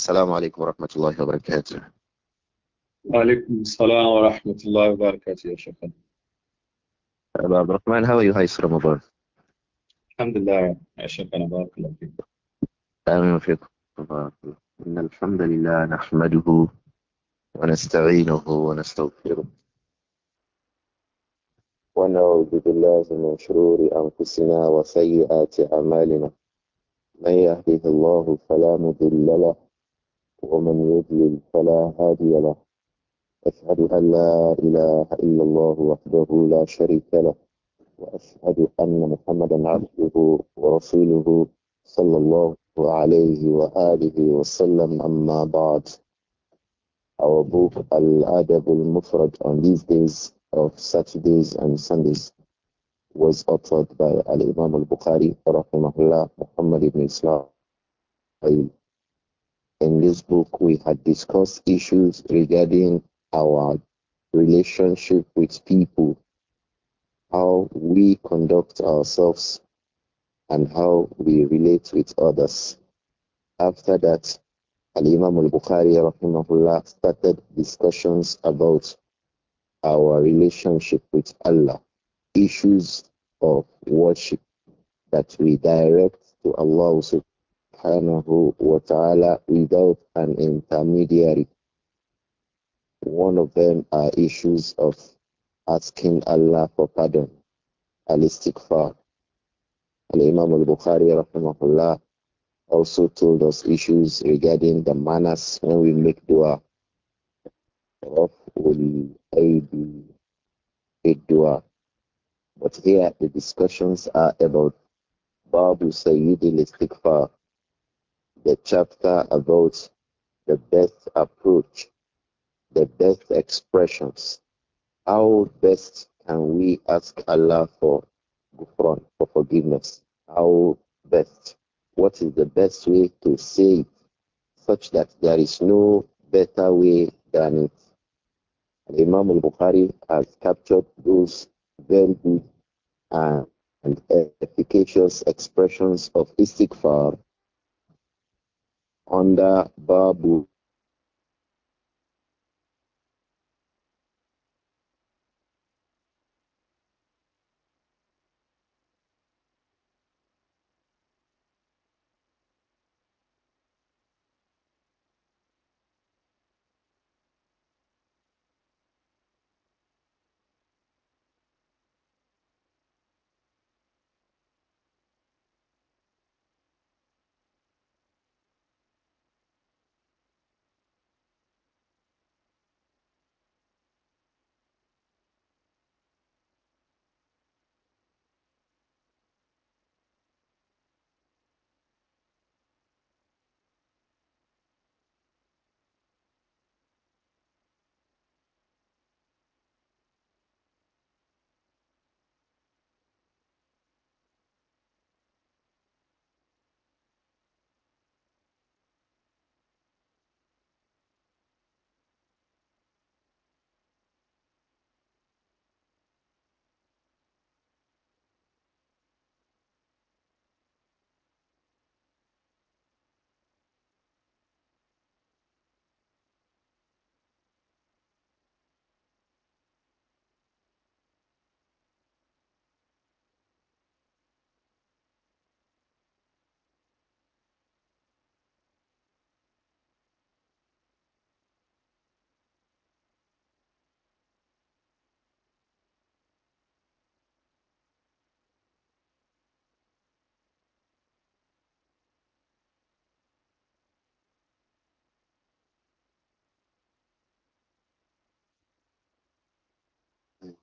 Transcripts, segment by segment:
السلام عليكم ورحمة الله وبركاته وعليكم السلام ورحمة الله وبركاته يا شيخ أبا عبد الرحمن هاو يو you رمضان الحمد لله يا شيخنا بارك الله فيك آمين فيكم الله إن الحمد لله نحمده ونستعينه ونستغفره ونعوذ بالله من شرور أنفسنا وسيئات أعمالنا من يهده الله فلا مضل له ومن يضلل فلا هادي له أشهد أن لا إله إلا الله وحده لا شريك له وأشهد أن محمدا عبده ورسوله صلى الله عليه وآله وسلم أما بعد Our book Al-Adab al-Mufrad on these days of Saturdays and Sundays was authored by Al-Imam al-Bukhari rahimahullah Muhammad ibn Islam in this book, we had discussed issues regarding our relationship with people, how we conduct ourselves, and how we relate with others. After that, Al Imam al Bukhari rahimahullah, started discussions about our relationship with Allah, issues of worship that we direct to Allah subhanahu wa ta'ala without an intermediary. One of them are issues of asking Allah for pardon, al-istighfar. Al-Imam al-Bukhari rahimahullah also told us issues regarding the manners when we make dua of ul-aidi dua. But here the discussions are about Babu Sayyid al-Istighfar, the chapter about the best approach, the best expressions. How best can we ask Allah for gufran, for forgiveness? How best? What is the best way to say it such that there is no better way than it? And Imam al Bukhari has captured those very good uh, and efficacious expressions of istighfar under Babu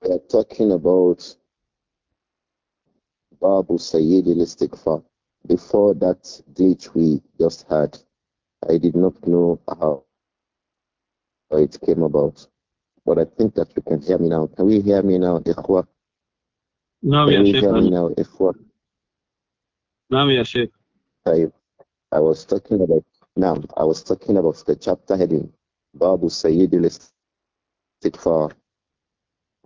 We're talking about Babu Sayyid al Before that glitch we just had, I did not know how it came about. But I think that you can hear me now. Can we hear me now, Ikhwa? Now, can are hear me now, Ikhwa? Now, Sheikh. I, I was talking about now. I was talking about the chapter heading Babu Sayyid al-Istighfar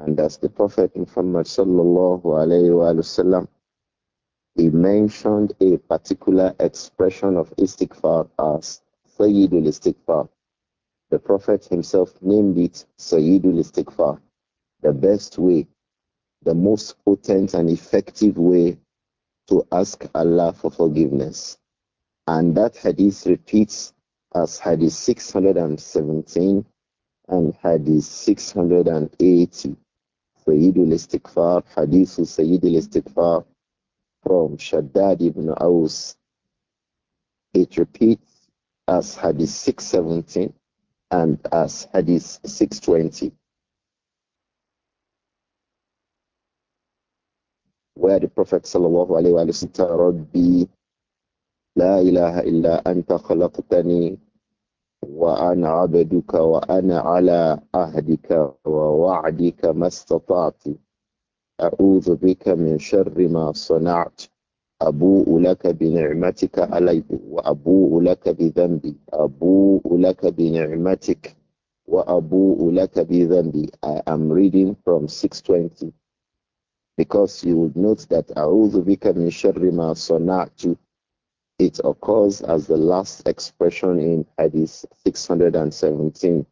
and as the Prophet Muhammad sallallahu alayhi wa he mentioned a particular expression of istighfar as Sayyidul Istighfar. The Prophet himself named it Sayyidul Istighfar, the best way, the most potent and effective way to ask Allah for forgiveness. And that hadith repeats as hadith 617 and hadith 680. سيد الاستغفار حديث سيد الاستغفار from Shaddad ibn Aus. It repeats as Hadith 617 and as Hadith 620. Where the Prophet sallallahu alayhi wa sallam, Rabbi, la ilaha illa anta khalaqtani وأنا عبدك وأنا على عهدك ووعدك ما استطعت أعوذ بك من شر ما صنعت أبوء لك بنعمتك علي وأبوء لك بذنبي أبوء لك بنعمتك وأبوء لك بذنبي I am reading from 620 because you would note that أعوذ بك من شر ما صنعت it occurs as the last expression in Hadith 617.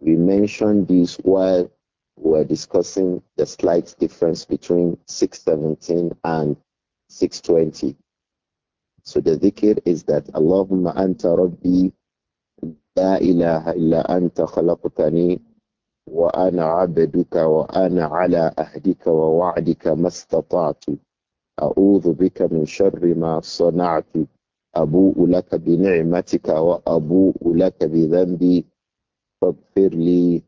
We mentioned this while we were discussing the slight difference between 617 and 620. So the dhikr is that Allahumma anta rabbi la ilaha illa anta khalaqtani wa ana abduka wa ana ala ahdika wa wa'dika mastata'tu a'udhu bika min شر ma صنعت أبوء لك بنعمتك وأبوء لك بذنبي فاغفر لي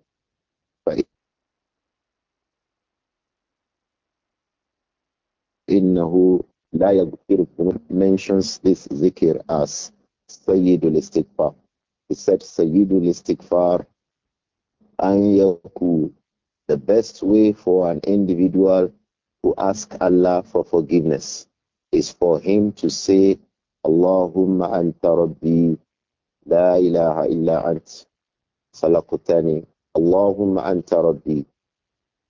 فإنه لا يغفر mentions this zikr as Sayyidul Istighfar. He said Sayyidul Istighfar an yakul. The best way for an individual to ask Allah for forgiveness is for him to say Allahumma anta rabbi la ilaha illa ant salakutani Allahumma anta rabbi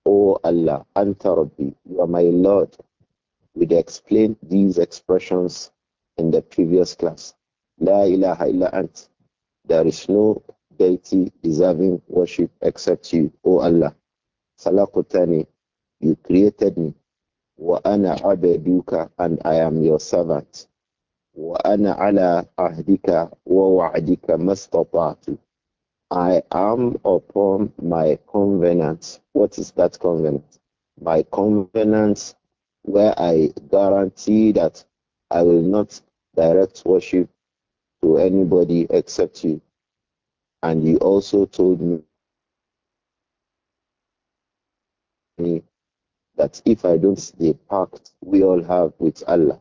O oh Allah anta rabbi you are my Lord we explained these expressions in the previous class la ilaha illa ant there is no deity deserving worship except you O oh Allah salakutani you created me wa ana abeduka and I am your servant وأنا على عهدك ووعدك ما استطعت I am upon my covenant. What is that covenant? My covenant where I guarantee that I will not direct worship to anybody except you. And you also told me that if I don't the pact we all have with Allah,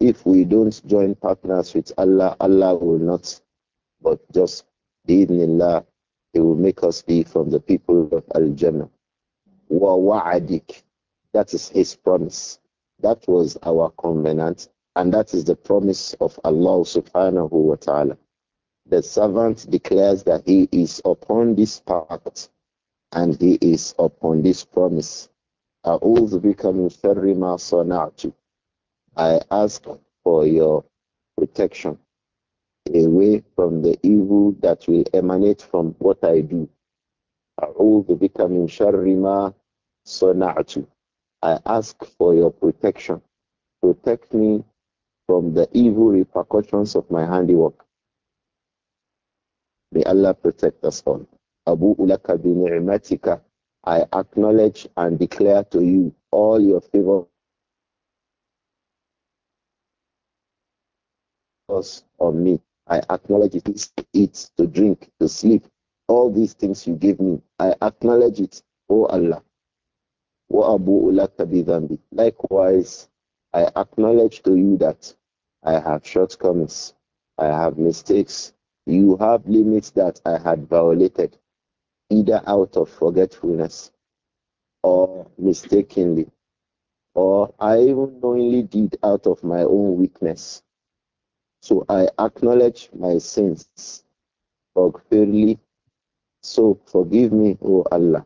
if we don't join partners with Allah, Allah will not, but just in Allah; He will make us be from the people of Al-Jannah. Wa wa'adik, that is His promise. That was our covenant, and that is the promise of Allah subhanahu wa ta'ala. The servant declares that he is upon this pact, and he is upon this promise. أعوذ بك من شر ما صنعت I ask for your protection away from the evil that will emanate from what I do. أعوذ بك من شر ما صنعت. I ask for your protection. Protect me from the evil repercussions of my handiwork. May Allah protect us all. Abu ulaka bin I acknowledge and declare to you all your favor. us on me. I acknowledge it. It's to eat, to drink, to sleep. All these things you gave me. I acknowledge it, O Allah. Wa abu Likewise, I acknowledge to you that I have shortcomings. I have mistakes. You have limits that I had violated, either out of forgetfulness or mistakenly, or I even knowingly did out of my own weakness. So I acknowledge my sins. Fairly. So forgive me, O Allah.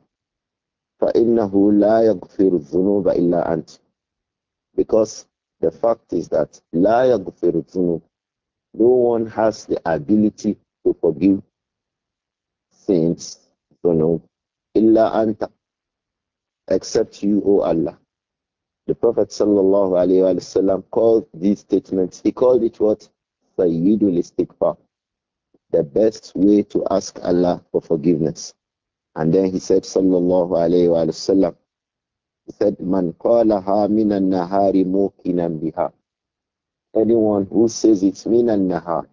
فَإِنَّهُ لَا يَغْفِرُ الذُّنُوبَ إِلَّا أَنْتِ Because the fact is that لَا يَغْفِرُ الذُّنُوبَ No one has the ability to forgive sins, ذُنُوب إِلَّا أَنْتَ Except you, O Allah. The Prophet sallallahu alayhi wasallam called these statements, he called it what? fayyidul istighfar, the best way to ask Allah for forgiveness. And then he said, Sallallahu Alaihi Wasallam, he said, Man qalaha minan nahari mukinan biha. Anyone who says it's minan nahar,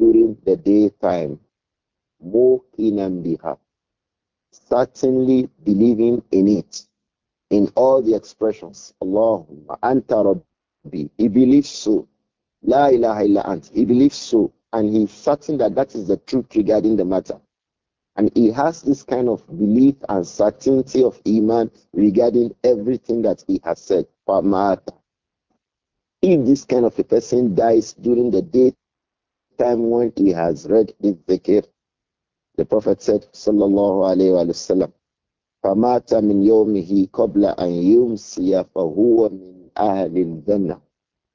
during the daytime, mukinan biha, certainly believing in it, in all the expressions, Allahumma anta rabbi, he believes so. La ilaha illa ant. He believes so, and he's certain that that is the truth regarding the matter. And he has this kind of belief and certainty of Iman regarding everything that he has said. If this kind of a person dies during the day time when he has read this dhikr, the Prophet said, Sallallahu Alaihi Wasallam, فَمَاتَ مِنْ يَوْمِهِ قَبْلَ أَنْ يُمْسِيَ فَهُوَ مِنْ أَهْلِ الْجَنَّةِ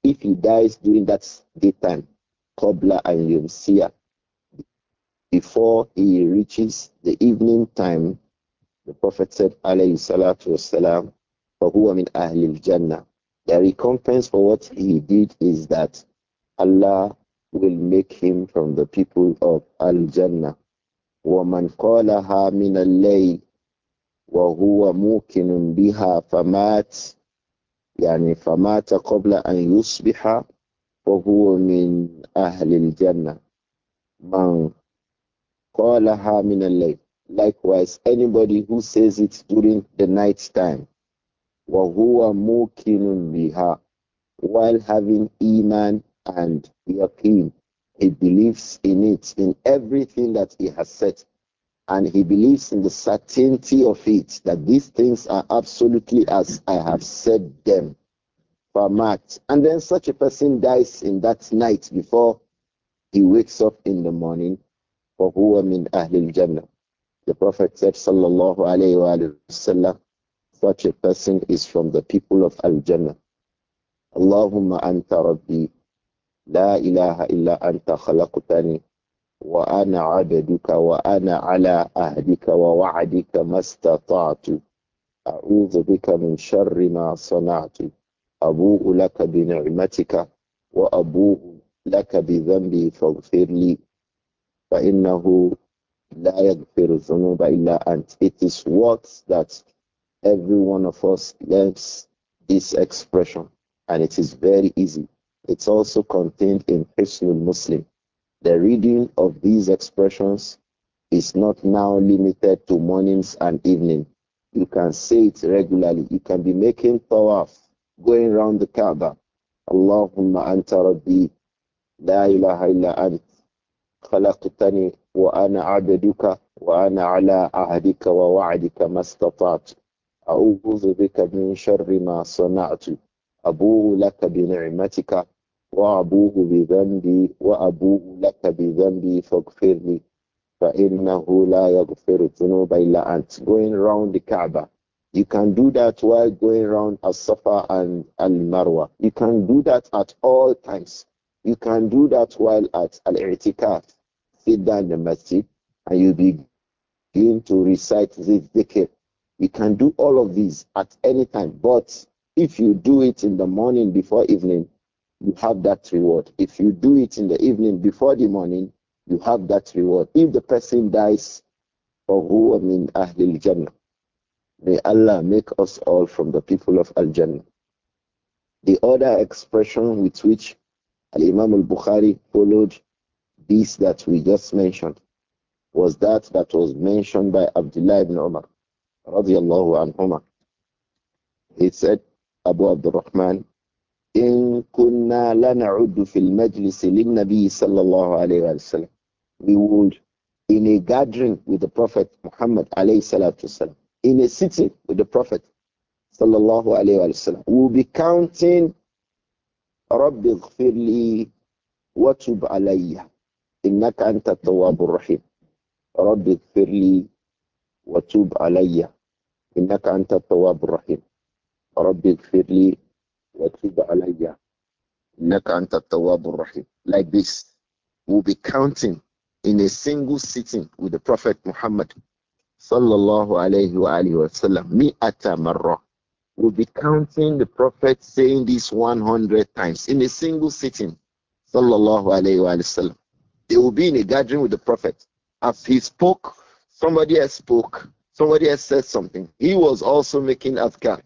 if he dies during that daytime, Kobla and Yomsia, before he reaches the evening time, the Prophet said, alayhi salatu wasalam, فَهُوَ مِنْ Ahlul Jannah. The recompense for what he did is that Allah will make him from the people of Al-Jannah. وَمَنْ قَالَهَا مِنَ اللَّيْلِ وَهُوَ مُوكِنٌ بِهَا فَمَاتِ يعني فمات قبل أن يصبح وهو من أهل الجنة من قالها من الليل Likewise, anybody who says it during the night time, وهو موكن biha while having iman and yaqeen, he believes in it in everything that he has said and he believes in the certainty of it that these things are absolutely as I have said them. For Marked. And then such a person dies in that night before he wakes up in the morning. For who in Al jannah. The Prophet said, Sallallahu alayhi Wasallam, such a person is from the people of Al Jannah. Allahumma anta rabbi, la ilaha illa anta khalaqtani وأنا عبدك وأنا على أهدك ووعدك ما استطعت أعوذ بك من شر ما صنعت أبوء لك بنعمتك وأبوء لك بذنبي فاغفر لي فإنه لا يغفر الذنوب إلا أنت It is what that every one of us learns this expression and it is very easy. It's also contained in Hisnul Muslim the reading of these expressions is not now limited to mornings and evening. You can say it regularly. You can be making tawaf, going around the Kaaba. Allahumma anta rabbi, la ilaha illa ant, khalaqtani wa ana abduka wa ana ala ahdika wa wa'dika mastata'tu. أعوذ min من ma ما صنعت أبوء لك بنعمتك وأبوه بذنبي وأبوه لك بذنبي فاغفر فإنه لا يغفر الذنوب إلا أنت going round the Kaaba you can do that while going round As-Safa and Al-Marwa you can do that at all times you can do that while at Al-I'tikaf sit down in the masjid and you begin to recite this dhikr you can do all of these at any time but if you do it in the morning before evening you have that reward. If you do it in the evening before the morning, you have that reward. If the person dies, or who I mean Al Jannah, may Allah make us all from the people of Al Jannah. The other expression with which Al Imam Al Bukhari followed this that we just mentioned was that that was mentioned by Abdullah ibn Umar, الله anhuma. He said, Abu Abdurrahman, إن كنا لنعد في المجلس للنبي صلى الله عليه وسلم we would in a gathering with the Prophet Muhammad عليه الصلاة والسلام in a sitting with the Prophet صلى الله عليه وسلم we will be counting رب اغفر لي وتب علي إنك أنت التواب الرحيم رب اغفر لي وتب علي إنك أنت التواب الرحيم رب اغفر لي like this, we'll be counting in a single sitting with the Prophet Muhammad sallallahu alayhi wa alihi sallam mi'ata marra. We'll be counting the Prophet saying this 100 times in a single sitting sallallahu alayhi wa sallam. They will be in a gathering with the Prophet. As he spoke, somebody else spoke, somebody else said something. He was also making adhkar.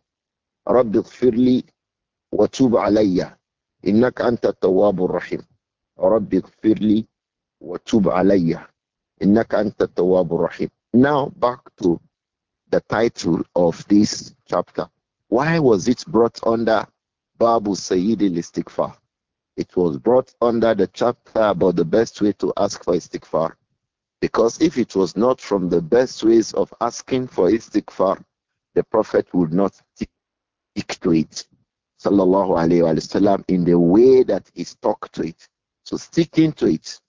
وتوب علي إنك أنت التواب الرحيم رب اغفر لي وتوب علي إنك أنت التواب الرحيم Now back to the title of this chapter. Why was it brought under Babu Sayyid al It was brought under the chapter about the best way to ask for istikfar, Because if it was not from the best ways of asking for istikfar, the Prophet would not stick to it sallallahu alayhi wasallam, in the way that he stuck to it. So sticking to it,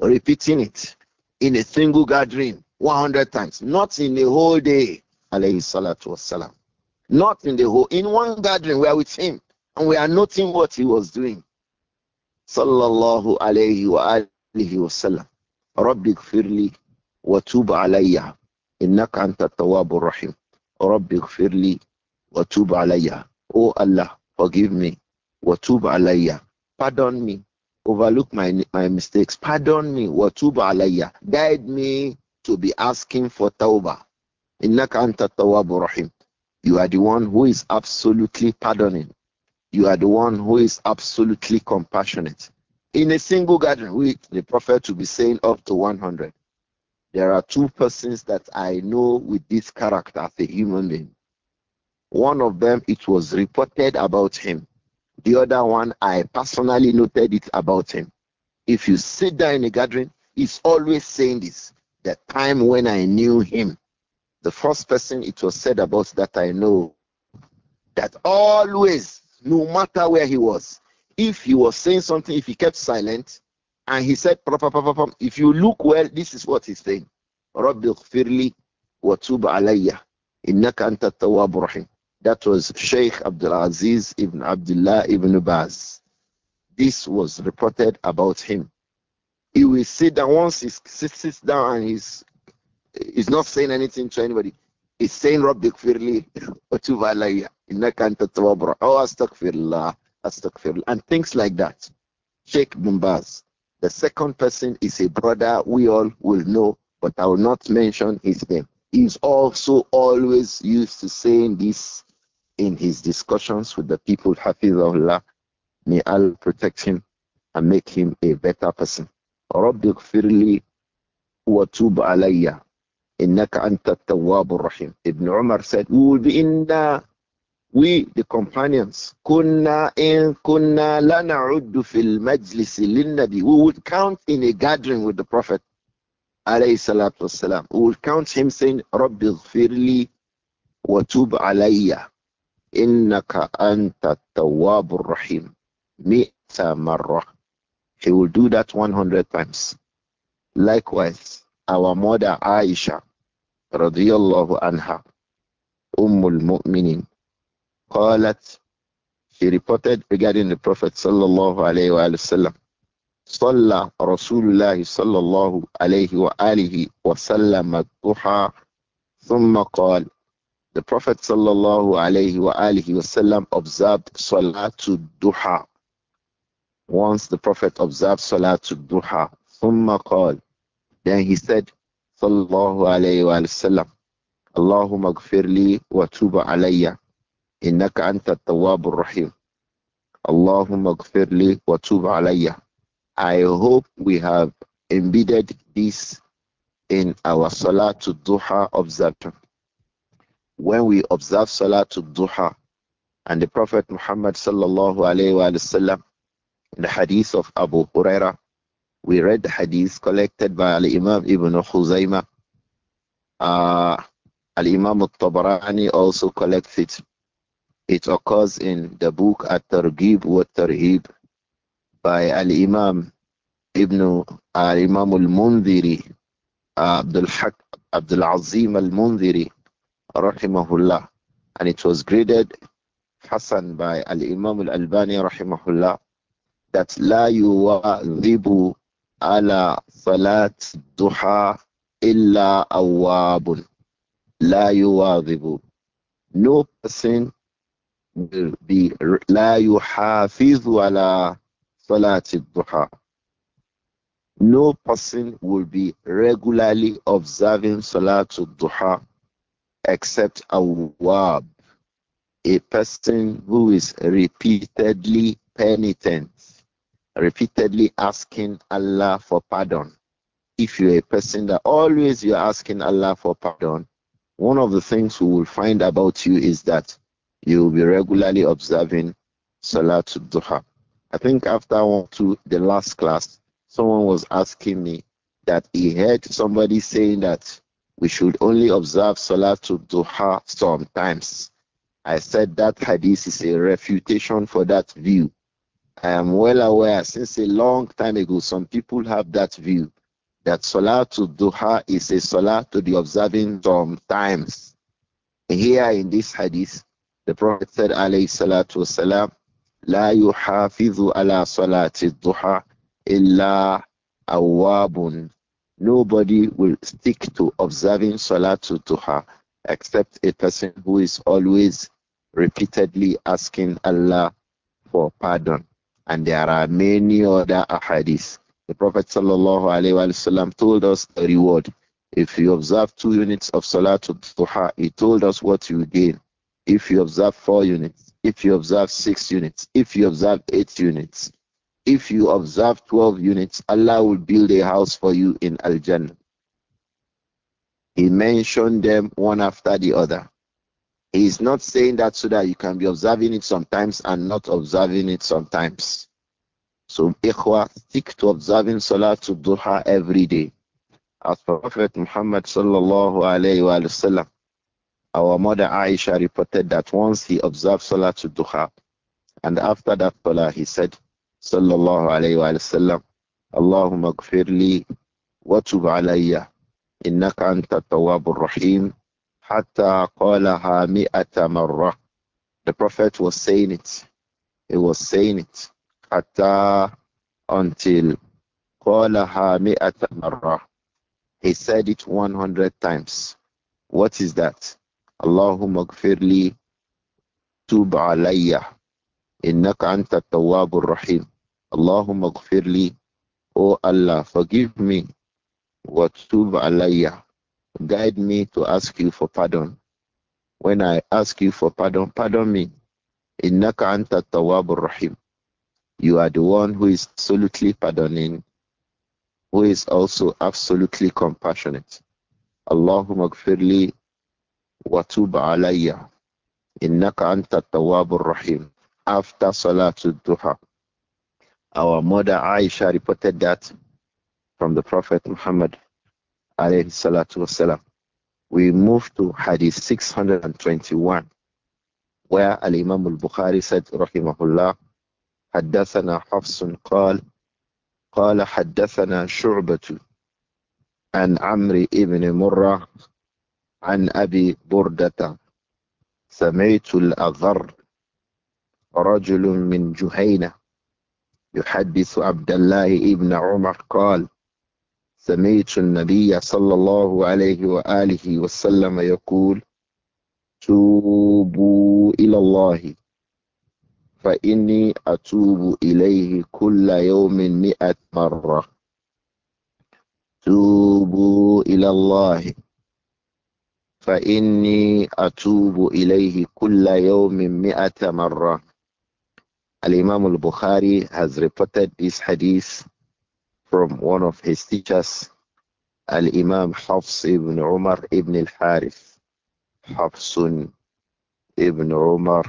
repeating it in a single gathering 100 times, not in the whole day, alayhi salatu wasalam. Not in the whole, in one gathering, we are with him and we are noting what he was doing. Sallallahu alayhi wa wasallam. Rabbi gfirli wa tub alayya. إنك أنت التواب الرحيم رب اغفر O oh Allah, forgive me. watuba alayya. Pardon me. Overlook my, my mistakes. Pardon me. watuba alayya. Guide me to be asking for tawbah. Innaka anta tawwabu rahim. You are the one who is absolutely pardoning. You are the one who is absolutely compassionate. In a single garden we, the prophet will be saying up to 100. There are two persons that I know with this character as a human being. One of them, it was reported about him. The other one, I personally noted it about him. If you sit there in a gathering, he's always saying this. The time when I knew him, the first person it was said about that I know, that always, no matter where he was, if he was saying something, if he kept silent, and he said, if you look well, this is what he's saying. رب اغفر لي علي إنك أنت that was Sheikh Abdul Aziz ibn Abdullah ibn Baz. This was reported about him. He will sit down once he sits down and he's he's not saying anything to anybody. He's saying Rabbi Kfirli Otuvalayya Innaka Anta Tawabra Oh Astaghfirullah Astaghfirullah and things like that. Sheikh ibn The second person is a brother we all will know, but I will not mention his name. He's also always used to saying this in his discussions with the people, Allah, may Allah protect him and make him a better person. رب اغفر لي وتوب علي إنك أنت التواب الرحيم Ibn Umar said we will be in the uh, we the companions كنا إن كنا لا نعد في المجلس للنبي we would count in a gathering with the prophet عليه الصلاة والسلام we would count him saying رب اغفر لي وتوب علي innaka anta tawwabur rahim mi'ta marra he will do that 100 times likewise our mother aisha radiyallahu anha ummul mu'minin qalat she reported regarding the prophet sallallahu alayhi wa sallam صلى رسول الله صلى الله عليه وآله وسلم الضحى ثم قال the Prophet sallallahu alayhi wasallam observed Salatul Duha. Once the Prophet observed Salatul Duha, ثم then he said, sallallahu alayhi wasallam, Allahumma gfirli wa tuba alayya, innaka anta tawwabur rahim. Allahumma gfirli wa tuba alayya. I hope we have embedded this in our Salatul Duha observation when we observe to Duha and the Prophet Muhammad sallallahu alayhi wa sallam in the hadith of Abu Huraira, we read the hadith collected by Al-Imam Ibn Khuzaymah. Uh, Al-Imam al-Tabarani also collects it. It occurs in the book At-Targhib wa Tarhib by Al-Imam Ibn Al-Imam uh, al-Mundhiri, uh, Abdul, Haq, Abdul Azim al-Mundhiri, rahimahullah, and it was graded Hassan by Al Imam Al Albani rahimahullah that la yuwadhibu ala salat duha illa awabun. La yuwadhibu. No person will be la yuhafizu ala salat duha no person will be regularly observing salat Duha except awab, a person who is repeatedly penitent, repeatedly asking Allah for pardon. If you're a person that always you're asking Allah for pardon, one of the things we will find about you is that you will be regularly observing Salatul Duha. I think after one to the last class, someone was asking me that he heard somebody saying that we should only observe salah to Duha sometimes. I said that hadith is a refutation for that view. I am well aware since a long time ago, some people have that view that salah to Duha is a Salah to be observing sometimes. Here in this hadith, the Prophet said, alayhi salatu wasalam, لا يحافظ على صلاة الضحى إلا أواب Nobody will stick to observing Salatul Duha except a person who is always repeatedly asking Allah for pardon. And there are many other ahadith. The Prophet ﷺ told us the reward. If you observe two units of Salatul Duha, he told us what you gain. If you observe four units, if you observe six units, if you observe eight units, if you observe 12 units, Allah will build a house for you in Al Jannah. He mentioned them one after the other. He is not saying that so that you can be observing it sometimes and not observing it sometimes. So, ikhwa, stick to observing Salah to Duha every day. As Prophet Muhammad sallallahu alayhi wasallam, our mother Aisha reported that once he observed Salah to Duha, and after that Salah, he said, صلى الله عليه وآله وسلم اللهم اغفر لي وتب علي إنك أنت التواب الرحيم حتى قالها مئة مرة The Prophet was saying it. He was saying it. حتى until قالها مئة مرة He said it 100 times. What is that? اللهم اغفر لي تب عليّ إنك أنت التواب الرحيم اللهم اغفر لي O Allah forgive me وتوب علي guide me to ask you for pardon when I ask you for pardon pardon me إنك أنت التواب الرحيم you are the one who is absolutely pardoning who is also absolutely compassionate اللهم اغفر لي وتوب علي إنك أنت التواب الرحيم after Salah to Duha. Our mother Aisha reported that from the Prophet Muhammad. Alayhi salatu wasalam. We move to Hadith 621, where Al Imam Bukhari said, Rahimahullah, Haddathana Hafsun qal, qala Haddathana Shurbatu, and Amri ibn Murrah, an Abi Burdata, Samaytul Azar, رجل من جهينة يحدث عبد الله ابن عمر قال سمعت النبي صلى الله عليه وآله وسلم يقول توبوا إلى الله فإني أتوب إليه كل يوم مئة مرة توبوا إلى الله فإني أتوب إليه كل يوم مئة مرة Al Imam al Bukhari has reported this hadith from one of his teachers, Al Imam Hafs ibn Umar ibn al Harith. Hafsun ibn Umar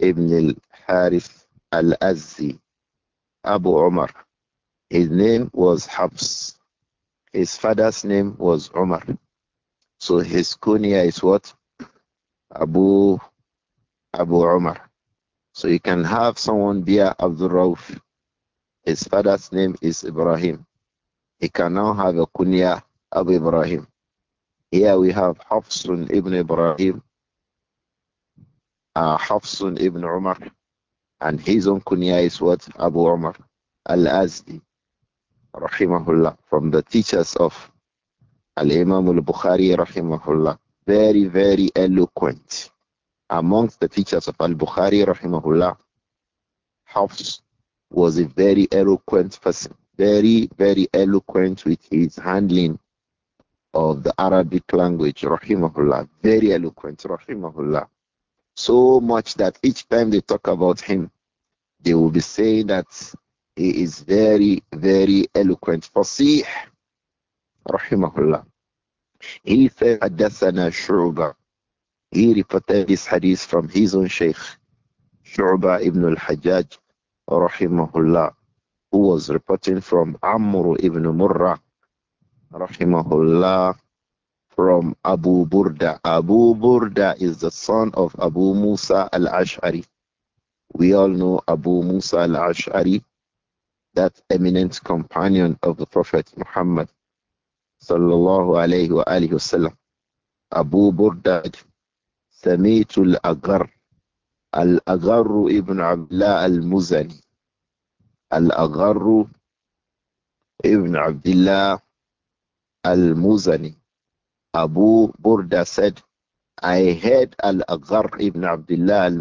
ibn al Harith al Azzi, Abu Umar. His name was Hafs. His father's name was Umar. So his kunya is what? Abu Abu Umar. So you can have someone be Abdul Rauf. His father's name is Ibrahim. He can now have a kunya Abu Ibrahim. Here we have Hafsun ibn Ibrahim, uh, Hafsun ibn Umar, and his own kunya is what? Abu Umar al-Azdi, rahimahullah, from the teachers of Al-Imam al-Bukhari, rahimahullah. Very, very eloquent amongst the teachers of Al-Bukhari, rahimahullah, Hafs was a very eloquent person, very, very eloquent with his handling of the Arabic language, rahimahullah, very eloquent, rahimahullah. So much that each time they talk about him, they will be saying that he is very, very eloquent. Fasih, rahimahullah. He said, Adasana Shuba. He reported this hadith from his own sheikh Shu'ba ibn al-Hajjaj, rahimahullah, who was reporting from Amr ibn Murrah, rahimahullah, from Abu Burda. Abu Burda is the son of Abu Musa al-Ash'ari. We all know Abu Musa al-Ash'ari, that eminent companion of the Prophet Muhammad sallallahu alayhi wa Abu Burda سميت الأغر الأغر ابن عبد الله المزني الأغر ابن عبد الله المزني أَبُو بُرْدَةَ said I heard Al-Aghar ibn Abdullah al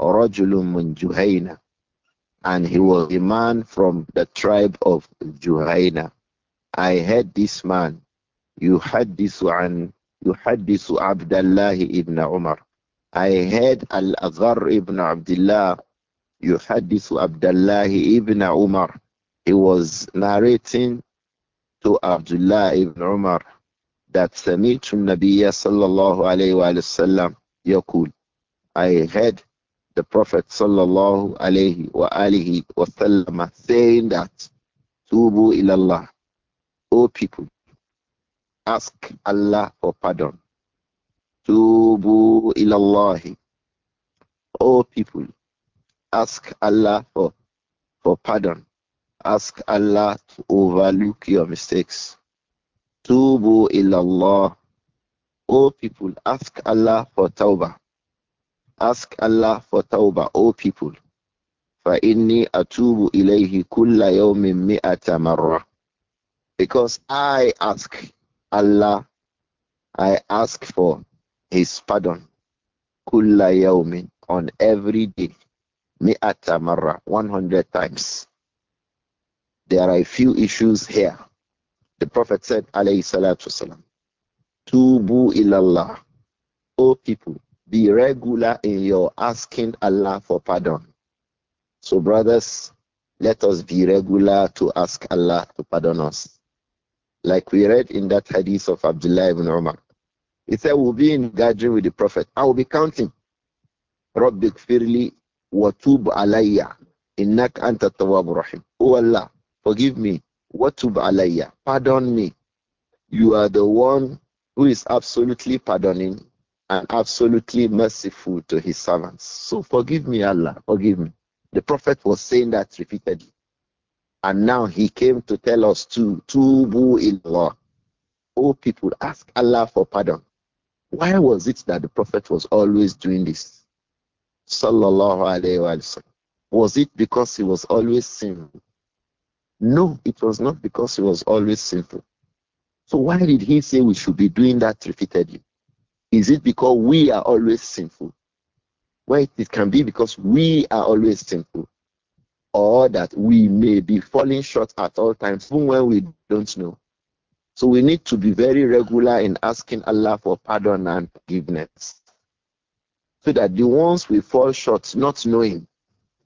رجل من جهينة and he was a man from the tribe of Juhaina I heard this man يحدث عن يحدث عبد الله ibn Umar. I heard Al-Azhar ibn Abdullah يحدث عبد الله ibn Umar. He was narrating to Abdullah ibn Umar that سمعت النبي صلى الله عليه وآله وسلم يقول I heard the Prophet sallallahu alayhi wa وآله وسلم saying that Tubu ilallah, O people, Ask Allah for pardon. Tubu ilallahi. Oh people, ask Allah for, for pardon. Ask Allah to overlook your mistakes. Tubu ilallah. Oh people, ask Allah for tawbah. Ask Allah for tawbah, Oh people. فإني أتوب إليه كل يوم مئة مرة because I ask Allah, I ask for His pardon. Kulla yawmin, on every day. Mi'ata marra, 100 times. There are a few issues here. The Prophet said, alayhi salatu wasalam, Tubu ilallah. O people, be regular in your asking Allah for pardon. So, brothers, let us be regular to ask Allah to pardon us. Like we read in that hadith of Abdullah ibn Umar. He said, We'll be in gathering with the Prophet. I will be counting. Rabbi Firli Watub Alayya. Innak Anta Tawab Rahim. Oh Allah, forgive me. Watub Alayya. Pardon me. You are the one who is absolutely pardoning and absolutely merciful to his servants. So forgive me, Allah, forgive me. The Prophet was saying that repeatedly. And now he came to tell us to tubu illah. Oh people, ask Allah for pardon. Why was it that the Prophet was always doing this? Sallallahu alayhi wa Was it because he was always sinful? No, it was not because he was always sinful. So why did he say we should be doing that repeatedly? Is it because we are always sinful? Well, it can be because we are always sinful or that we may be falling short at all times, even when we don't know. So we need to be very regular in asking Allah for pardon and forgiveness. So that the ones we fall short, not knowing,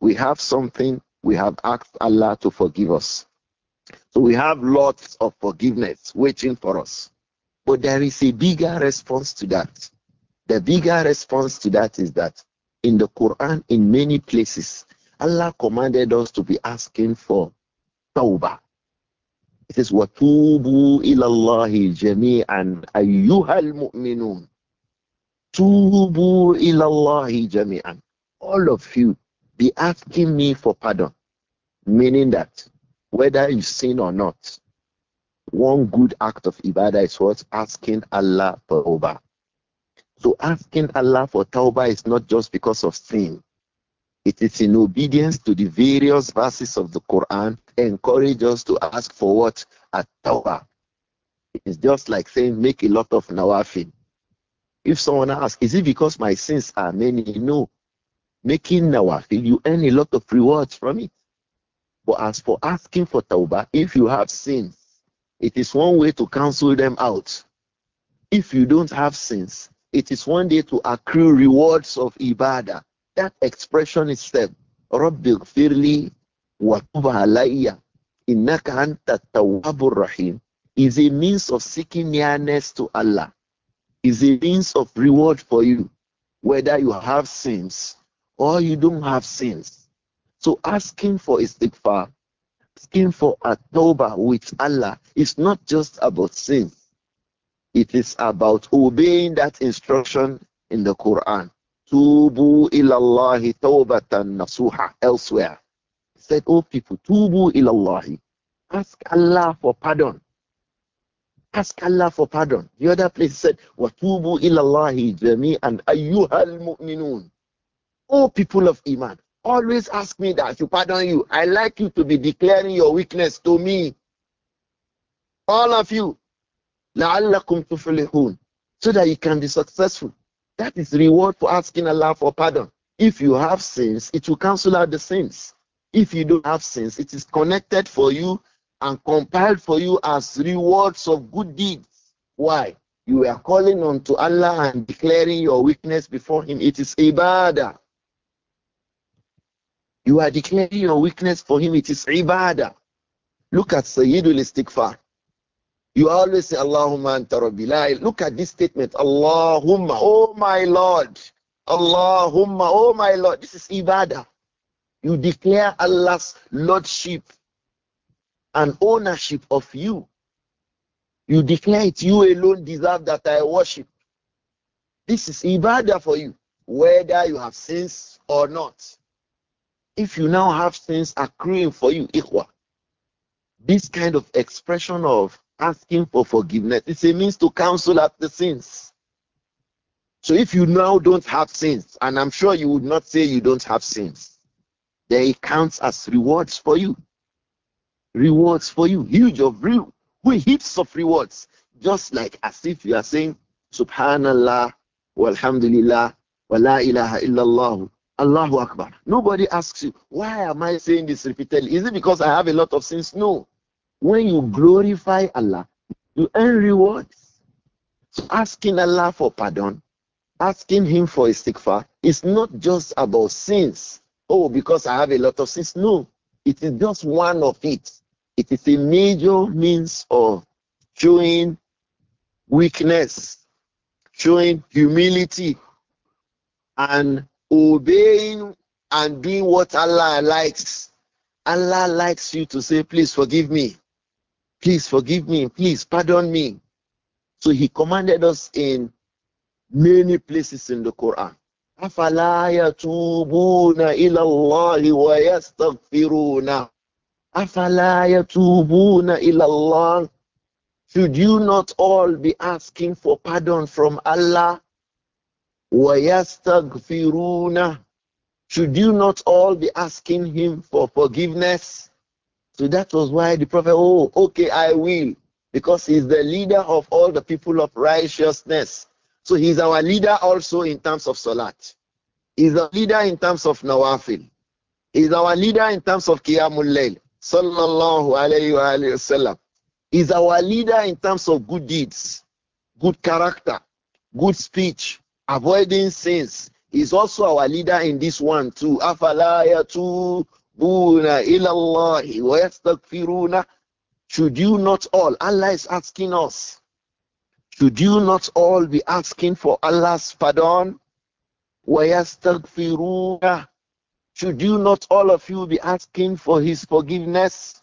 we have something, we have asked Allah to forgive us. So we have lots of forgiveness waiting for us. But there is a bigger response to that. The bigger response to that is that in the Quran, in many places, Allah commanded us to be asking for tawbah. It says, وَتُوبُوا إِلَى اللَّهِ جَمِيعًا أَيُّهَا الْمُؤْمِنُونَ Tubu ilallahi اللَّهِ All of you, be asking me for pardon. Meaning that whether you sin or not, one good act of ibadah is what? Asking Allah for tawbah. So asking Allah for tawbah is not just because of sin. It is in obedience to the various verses of the Quran encourage us to ask for what? At tawbah. It's just like saying make a lot of nawafil. If someone asks, is it because my sins are many? No. Making nawafil, you earn a lot of rewards from it. But as for asking for tawbah, if you have sins, it is one way to cancel them out. If you don't have sins, it is one day to accrue rewards of ibadah. That expression itself, Rabbi Firli wa alayya innaka anta tawwabur rahim, is a means of seeking nearness to Allah, is a means of reward for you, whether you have sins or you don't have sins. So asking for istighfar, asking for a tawbah with Allah is not just about sins. It is about obeying that instruction in the Quran. Tubu ilallahi tawbatan nasuha elsewhere. He said, Oh people, tubu ilallahi. Ask Allah for pardon. Ask Allah for pardon. The other place said, Watubu ilallahi and ayyuhal mu'minun. Oh people of Iman, always ask me that to pardon you. I like you to be declaring your weakness to me. All of you. لَعَلَّكُمْ تُفْلِحُونَ So that you can be successful. That is reward for asking Allah for pardon. If you have sins, it will cancel out the sins. If you don't have sins, it is connected for you and compiled for you as rewards of good deeds. Why? You are calling on to Allah and declaring your weakness before Him. It is ibadah. You are declaring your weakness for Him. It is ibadah. Look at Sayyidul Istighfar. You always say, Allahumma anta rabbi. Look at this statement. Allahumma, oh my Lord. Allahumma, oh my Lord. This is ibadah. You declare Allah's lordship and ownership of you. You declare it, you alone deserve that I worship. This is ibadah for you, whether you have sins or not. If you now have sins accruing for you, ikhwa, this kind of expression of asking for forgiveness. It's a means to counsel at the sins. So if you now don't have sins, and I'm sure you would not say you don't have sins, then it counts as rewards for you. Rewards for you, huge of real, heaps of rewards, just like as if you are saying, Subhanallah, walhamdulillah, wa la ilaha illallah, Allahu Akbar. Nobody asks you, why am I saying this repeatedly? Is it because I have a lot of sins? No. When you glorify Allah, you earn rewards. So asking Allah for pardon, asking Him for istighfar, is not just about sins. Oh, because I have a lot of sins. No, it is just one of it. It is a major means of showing weakness, showing humility, and obeying and being what Allah likes. Allah likes you to say, Please forgive me. Please forgive me. Please pardon me. So he commanded us in many places in the Quran. أفلا يتوبون إلى الله وَيَسْتَغْفِرُونَ أفلا يتوبون إلى الله Should you not all be asking for pardon from Allah? وَيَسْتَغْفِرُونَ Should you not all be asking Him for forgiveness? So that was why the prophet, oh, okay, I will. Because he's the leader of all the people of righteousness. So he's our leader also in terms of Salat. He's our leader in terms of Nawafil. He's our leader in terms of Qiyamul Layl. Sallallahu alayhi wa, alayhi sallam. He's our leader in terms of good deeds, good character, good speech, avoiding sins. He's also our leader in this one too. Afalaya tu yatubuna ila wa yastaghfiruna should you not all Allah is asking us should you not all be asking for Allah's pardon wa yastaghfiruna should you not all of you be asking for his forgiveness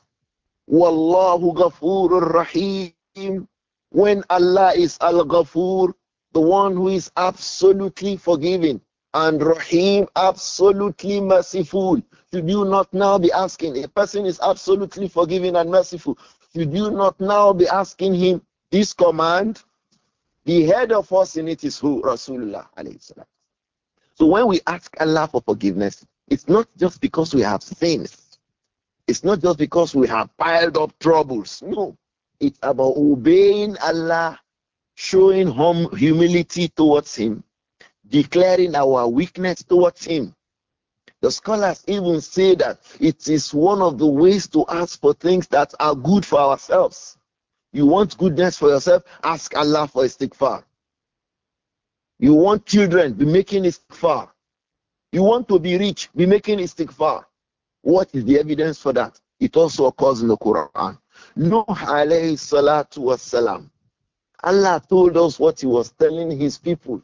wallahu ghafurur rahim when Allah is al-ghafur the one who is absolutely forgiving and Rahim, absolutely merciful. Should you not now be asking? A person is absolutely forgiving and merciful. Should you not now be asking him this command? The head of us in it is who? Rasulullah. So when we ask Allah for forgiveness, it's not just because we have sins. It's not just because we have piled up troubles. No. It's about obeying Allah, showing hum humility towards Him, declaring our weakness towards Him. The scholars even say that it is one of the ways to ask for things that are good for ourselves. You want goodness for yourself, ask Allah for far. You want children, be making far. You want to be rich, be making far. What is the evidence for that? It also occurs in the Quran. No alayhi salatu wasalam. Allah told us what he was telling his people.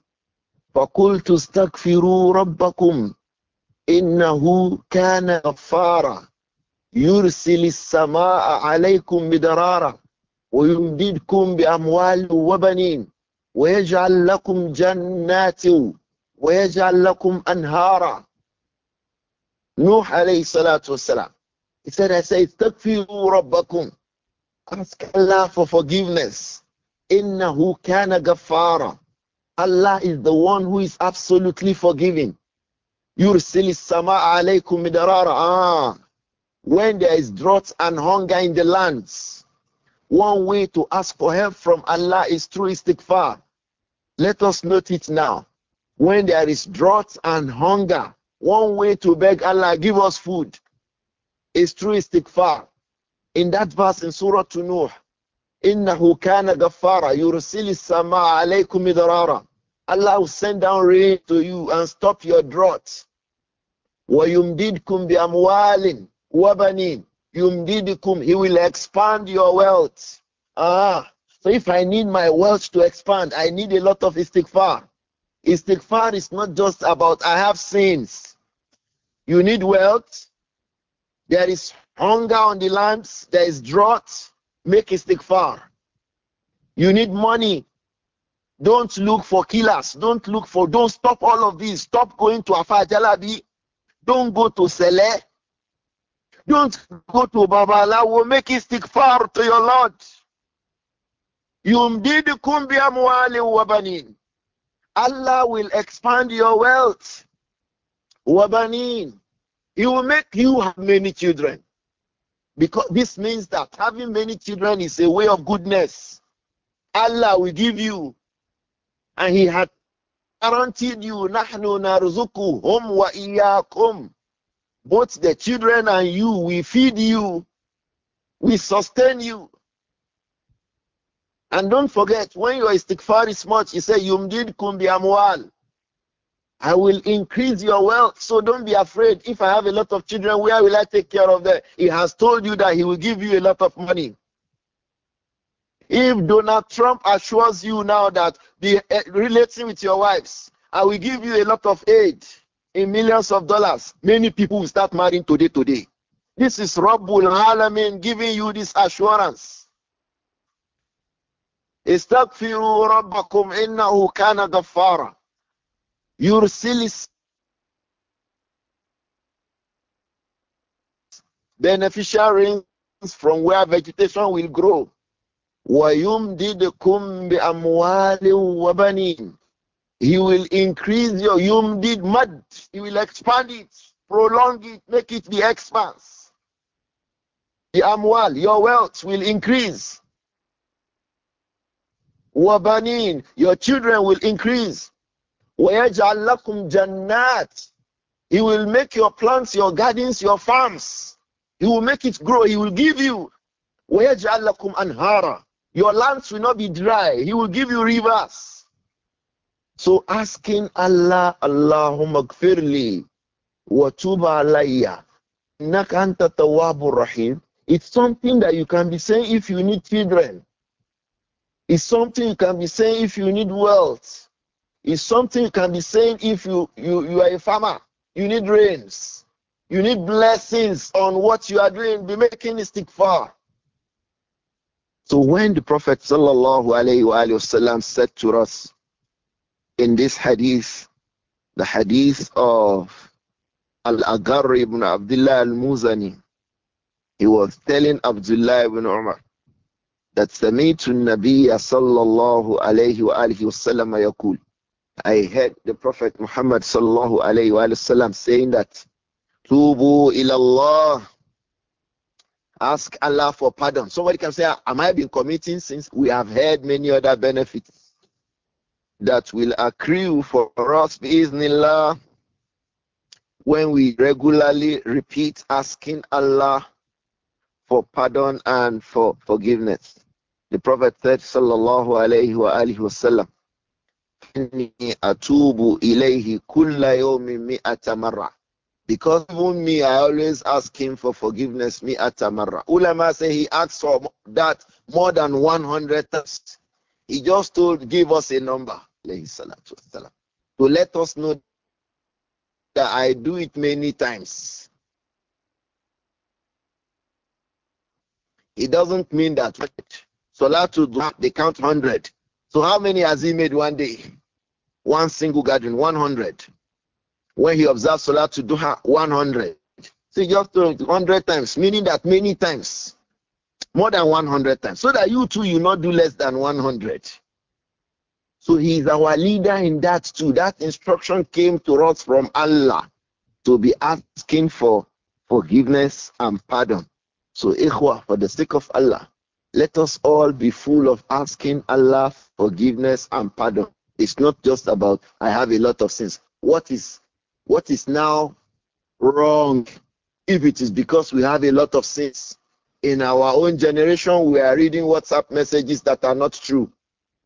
فقلت استغفروا ربكم إنه كان غفارا يرسل السماء عليكم مدرارا ويمددكم بأموال وبنين ويجعل لكم جنات ويجعل لكم أنهارا نوح عليه الصلاة والسلام He said, I say, استغفروا ربكم. Ask Allah for forgiveness. إنه كان غفارا. Allah is the one who is absolutely forgiving. Yursilis sama alaykum midarara. Ah, when there is drought and hunger in the lands, one way to ask for help from Allah is through istighfar. Let us note it now. When there is drought and hunger, one way to beg Allah, give us food, is through istighfar. In that verse in Surah to Nuh, إِنَّهُ كَانَ غَفَّارًا يُرْسِلِ السَّمَاءَ عَلَيْكُمْ مِدْرَارًا Allah will send down rain to you and stop your drought. وَيُمْدِدْكُمْ بِأَمْوَالٍ وَبَنِينَ يُمْدِدْكُمْ He will expand your wealth. Ah, so if I need my wealth to expand, I need a lot of istighfar. Istighfar is not just about I have sins. You need wealth. There is hunger on the lands. There is drought. Make istighfar. You need money. Don't look for killers. Don't look for, don't stop all of these. Stop going to Afar Jalabi. Don't go to Sele. Don't go to Baba. will Make istighfar to your Lord. Yumdidukum bi amwali wa Allah will expand your wealth. Wabanin. He will make you have many children. Because this means that having many children is a way of goodness. Allah will give you. And He had guaranteed you, Nahnu narzuku hum wa iyakum. Both the children and you, we feed you, we sustain you. And don't forget, when your istighfar is much, he said, Yumdid kum bi amwal. I will increase your wealth, so don't be afraid. If I have a lot of children, where will I take care of them? He has told you that he will give you a lot of money. If Donald Trump assures you now that the uh, eh, relating with your wives, I will give you a lot of aid in millions of dollars, many people will start marrying today. Today, this is Rabbul Alamin giving you this assurance. استغفروا ربكم إنه كان غفارا يرسل beneficial beneficiary from where vegetation will grow. وَيُمْدِدْكُمْ بِأَمْوَالٍ وَبَنِينَ He will increase your yumdid mud. He will expand it, prolong it, make it the expanse. The amwal, your wealth will increase. Wabanin, your children will increase kum jannat. He will make your plants, your gardens, your farms. He will make it grow. He will give you وَيَجْعَلْ kum anhara, Your lands will not be dry. He will give you rivers. So asking Allah, Allahumma gfirli wa tuba alayya innaka anta tawwabur rahim. It's something that you can be saying if you need children. It's something you can be saying if you need wealth. It's something you can be saying if you, you, you are a farmer. You need rains. You need blessings on what you are doing. Be making it stick far. So when the Prophet wasallam said to us in this hadith, the hadith of Al-Agar ibn Abdullah al-Muzani, he was telling Abdullah ibn Umar that سمعت النبي صلى الله عليه وآله وسلم يقول I heard the Prophet Muhammad sallallahu alayhi wa sallam saying that Tubu ilallah. Ask Allah for pardon. Somebody can say, Am I been committing Since We have heard many other benefits that will accrue for us nilah when we regularly repeat asking Allah for pardon and for forgiveness. The Prophet said, Sallallahu alayhi wasallam. wa because even me, I always ask him for forgiveness. Me at Ulama say he asked for that more than 100 times. He just told, give us a number, to let us know that I do it many times. It doesn't mean that. Salatul, they count 100. So how many has he made one day? one single gathering, 100. When he observes Salah to her 100. So just 100 times, meaning that many times, more than 100 times, so that you too, you not do less than 100. So he is our leader in that too. That instruction came to us from Allah to be asking for forgiveness and pardon. So, Ikhwa, for the sake of Allah, let us all be full of asking Allah forgiveness and pardon. It's not just about I have a lot of sins. What is what is now wrong if it is because we have a lot of sins? In our own generation, we are reading WhatsApp messages that are not true.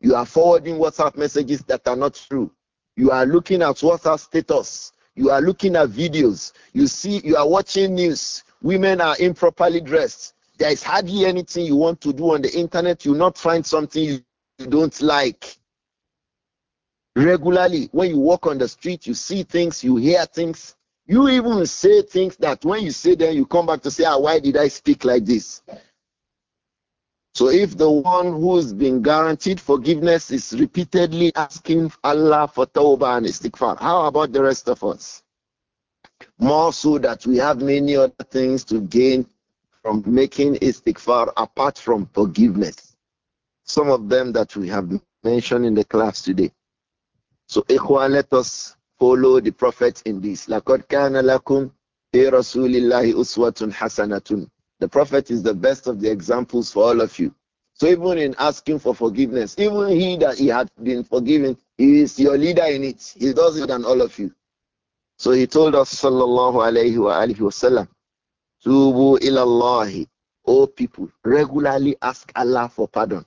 You are forwarding WhatsApp messages that are not true. You are looking at WhatsApp status. You are looking at videos. You see, you are watching news. Women are improperly dressed. There is hardly anything you want to do on the internet. You not find something you don't like regularly. When you walk on the street, you see things, you hear things. You even say things that when you say them, you come back to say, ah, why did I speak like this? So if the one who's been guaranteed forgiveness is repeatedly asking Allah for tawbah and istighfar, how about the rest of us? More so that we have many other things to gain from making istighfar apart from forgiveness. Some of them that we have mentioned in the class today. So, ikhwan, let us follow the Prophet in this. لَقَدْ كَانَ لَكُمْ رَسُولِ اللَّهِ أُسْوَةٌ حَسَنَةٌ The Prophet is the best of the examples for all of you. So even in asking for forgiveness, even he that he had been forgiven, he is your leader in it. He does it than all of you. So he told us, sallallahu alayhi wa alihi wasallam, tubu ilallahi, O people, regularly ask Allah for pardon.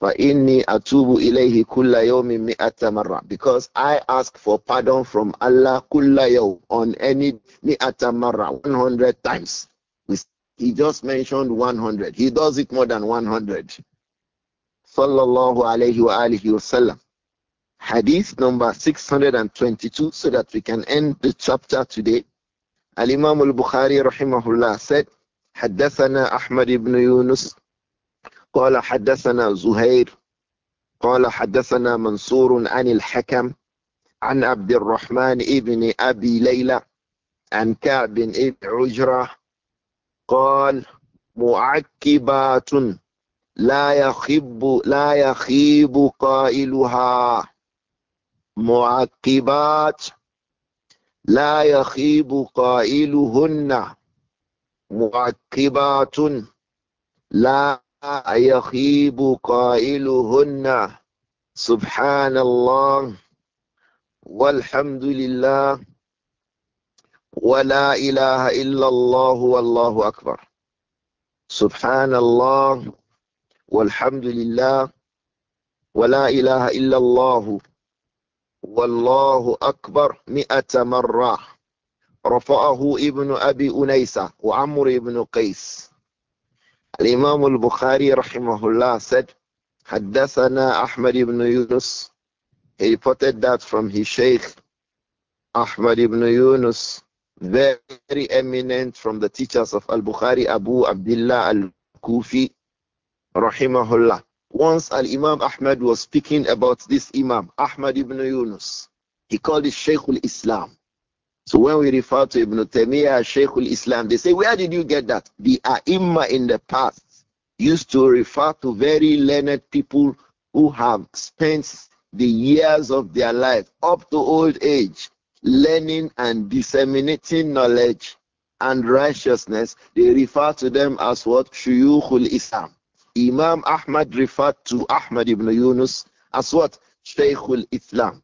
فَإِنِّي أَتُوبُ إِلَيْهِ كُلَّ يَوْمٍ مِئَةَ مَرَّةٍ Because I ask for pardon from Allah كُلَّ يَوْمٍ on any مِئَةَ مَرَّةٍ 100 times. He just mentioned 100. He does it more than 100. Sallallahu alayhi wa alihi wasallam. Hadith number 622 so that we can end the chapter today. Al-Imam al-Bukhari rahimahullah said, حدثنا أحمد بن يونس قال حدثنا زهير قال حدثنا منصور عن الحكم عن عبد الرحمن ابن أبي ليلى عن كعب ابن عجرة قال معكبات لا يخب لا يخيب قائلها معقبات لا يخيب قائلهن معقبات لا يخيب قائلهن سبحان الله والحمد لله ولا إله إلا الله والله أكبر سبحان الله والحمد لله ولا إله إلا الله والله أكبر مئة مرة رفعه ابن أبي أنيسة وعمر بن قيس Imam al-Bukhari rahimahullah said, Haddathana Ahmad ibn Yunus. He reported that from his Shaykh Ahmad ibn Yunus, very eminent from the teachers of Al-Bukhari, Abu Abdullah Al-Kufi, rahimahullah. Once Al-Imam Ahmad was speaking about this Imam, Ahmad ibn Yunus. He called it Shaykh al-Islam. So when we refer to Ibn Taymiyyah, Sheikhul islam they say, where did you get that? The ai in the past used to refer to very learned people who have spent the years of their life up to old age learning and disseminating knowledge and righteousness, they refer to them as what? Shuyukhul Islam. Imam Ahmad referred to Ahmad ibn Yunus as what? Shaykhul Islam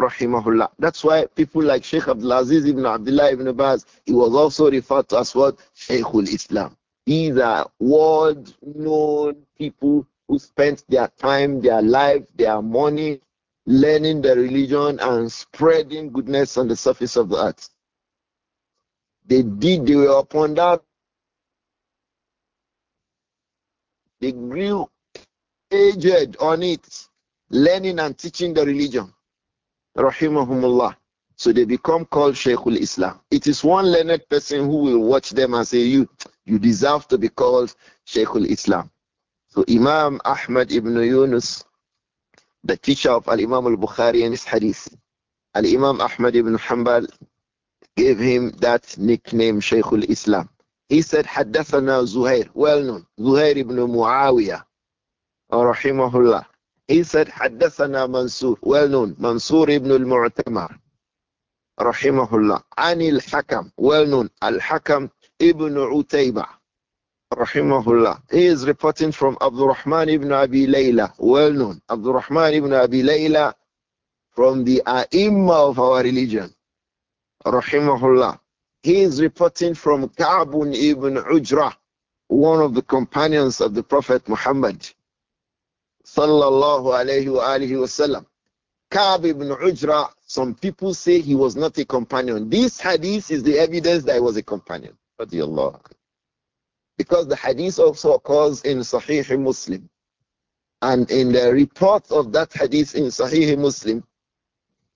rahimahullah. That's why people like Sheikh Abdul Aziz ibn Abdullah ibn Baz, he was also referred to as what? Sheikhul Islam. These are world known people who spent their time, their life, their money learning the religion and spreading goodness on the surface of the earth. They did, they were upon that. They grew aged on it, learning and teaching the religion. Rahimahumullah. So they become called Shaykhul Islam. It is one learned person who will watch them and say, You you deserve to be called Shaykhul Islam. So Imam Ahmad ibn Yunus, the teacher of Al Imam al Bukhari in his hadith, Al Imam Ahmad ibn Hanbal gave him that nickname Shaykhul Islam. He said, Haddathana Zuhair, well known, Zuhair ibn Muawiyah, rahimahullah. He said, حدثنا منصور well known, Mansur ibn al رحمه rahimahullah. Anil Hakam, well known, Al-Hakam ibn Utayba, rahimahullah. He is reporting from الرحمن ibn Abi Layla, well known. الرحمن ibn Abi Layla from the أئمة of our religion, rahimahullah. He is reporting from Ka'bun ibn عجرة one of the companions of the Prophet Muhammad, sallallahu alayhi wasallam. Ka'b ibn Ujra, some people say he was not a companion. This hadith is the evidence that he was a companion. Because the hadith also occurs in Sahih Muslim. And in the report of that hadith in Sahih Muslim,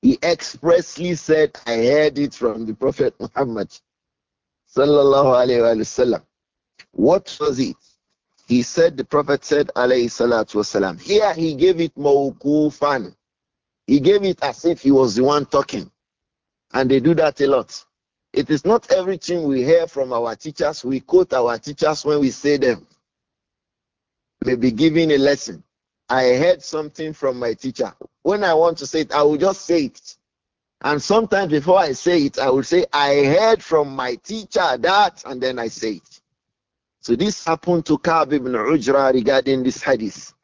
he expressly said, I heard it from the Prophet Muhammad. Sallallahu alayhi wasallam." What was it? He said, the Prophet said, alayhi salatu wasalam. Here he gave it mawkufan. He gave it as if he was the one talking. And they do that a lot. It is not everything we hear from our teachers. We quote our teachers when we say them. Maybe giving a lesson. I heard something from my teacher. When I want to say it, I will just say it. And sometimes before I say it, I will say, I heard from my teacher that, and then I say it. So this happened to Ka'b ibn Ujra regarding this hadith.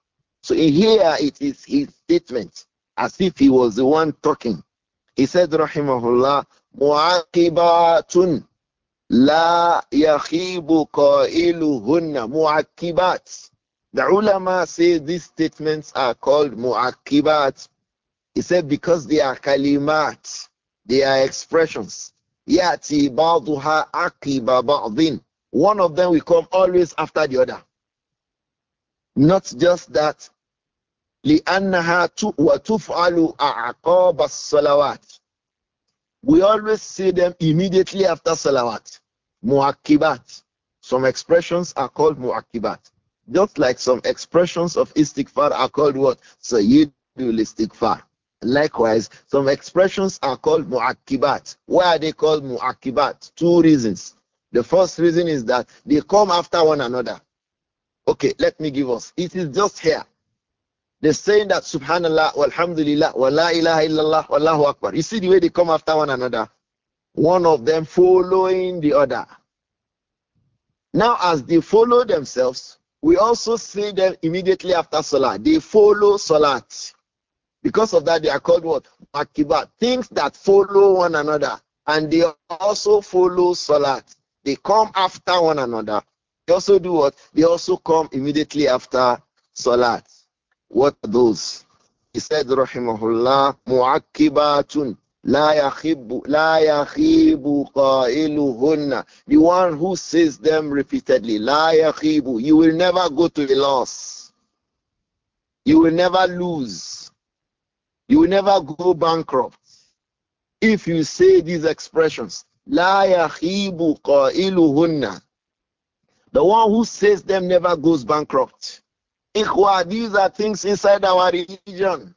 So in here it is his statement as if he was the one talking. He said, Rahimahullah, Mu'aqibatun la yakhibu qailuhunna mu'aqibat. The ulama say these statements are called mu'aqibat. He said because they are kalimat, they are expressions. Yati ba'duha aqiba ba'din. One of them will come always after the other. Not just that. لأنها وتفعل أعقاب الصلوات. We always see them immediately after salawat. Mu'akibat. Some expressions are called mu'akibat. Just like some expressions of istighfar are called what? Sayyidul istighfar. Likewise, some expressions are called mu'akibat. Why are they called mu'akibat? Two reasons. The first reason is that they come after one another. Okay, let me give us. It is just here. They're saying that subhanallah, Alhamdulillah, wa la ilaha illallah, wallahu akbar. You see the way they come after one another. One of them following the other. Now, as they follow themselves, we also see them immediately after Salah. They follow Salat. Because of that, they are called what? Akibat. Things that follow one another. And they also follow Salat. They come after one another. They also do what? They also come immediately after Salat. What are those? He said, Rahimahullah, Mu'akibatun. La yakhibu, la yakhibu qailuhunna. The one who says them repeatedly. La yakhibu. You will never go to the loss. You will never lose. You will never go bankrupt. If you say these expressions, La yahibu qailuhunna. The one who says them never goes bankrupt. Ikhwa, these are things inside our religion.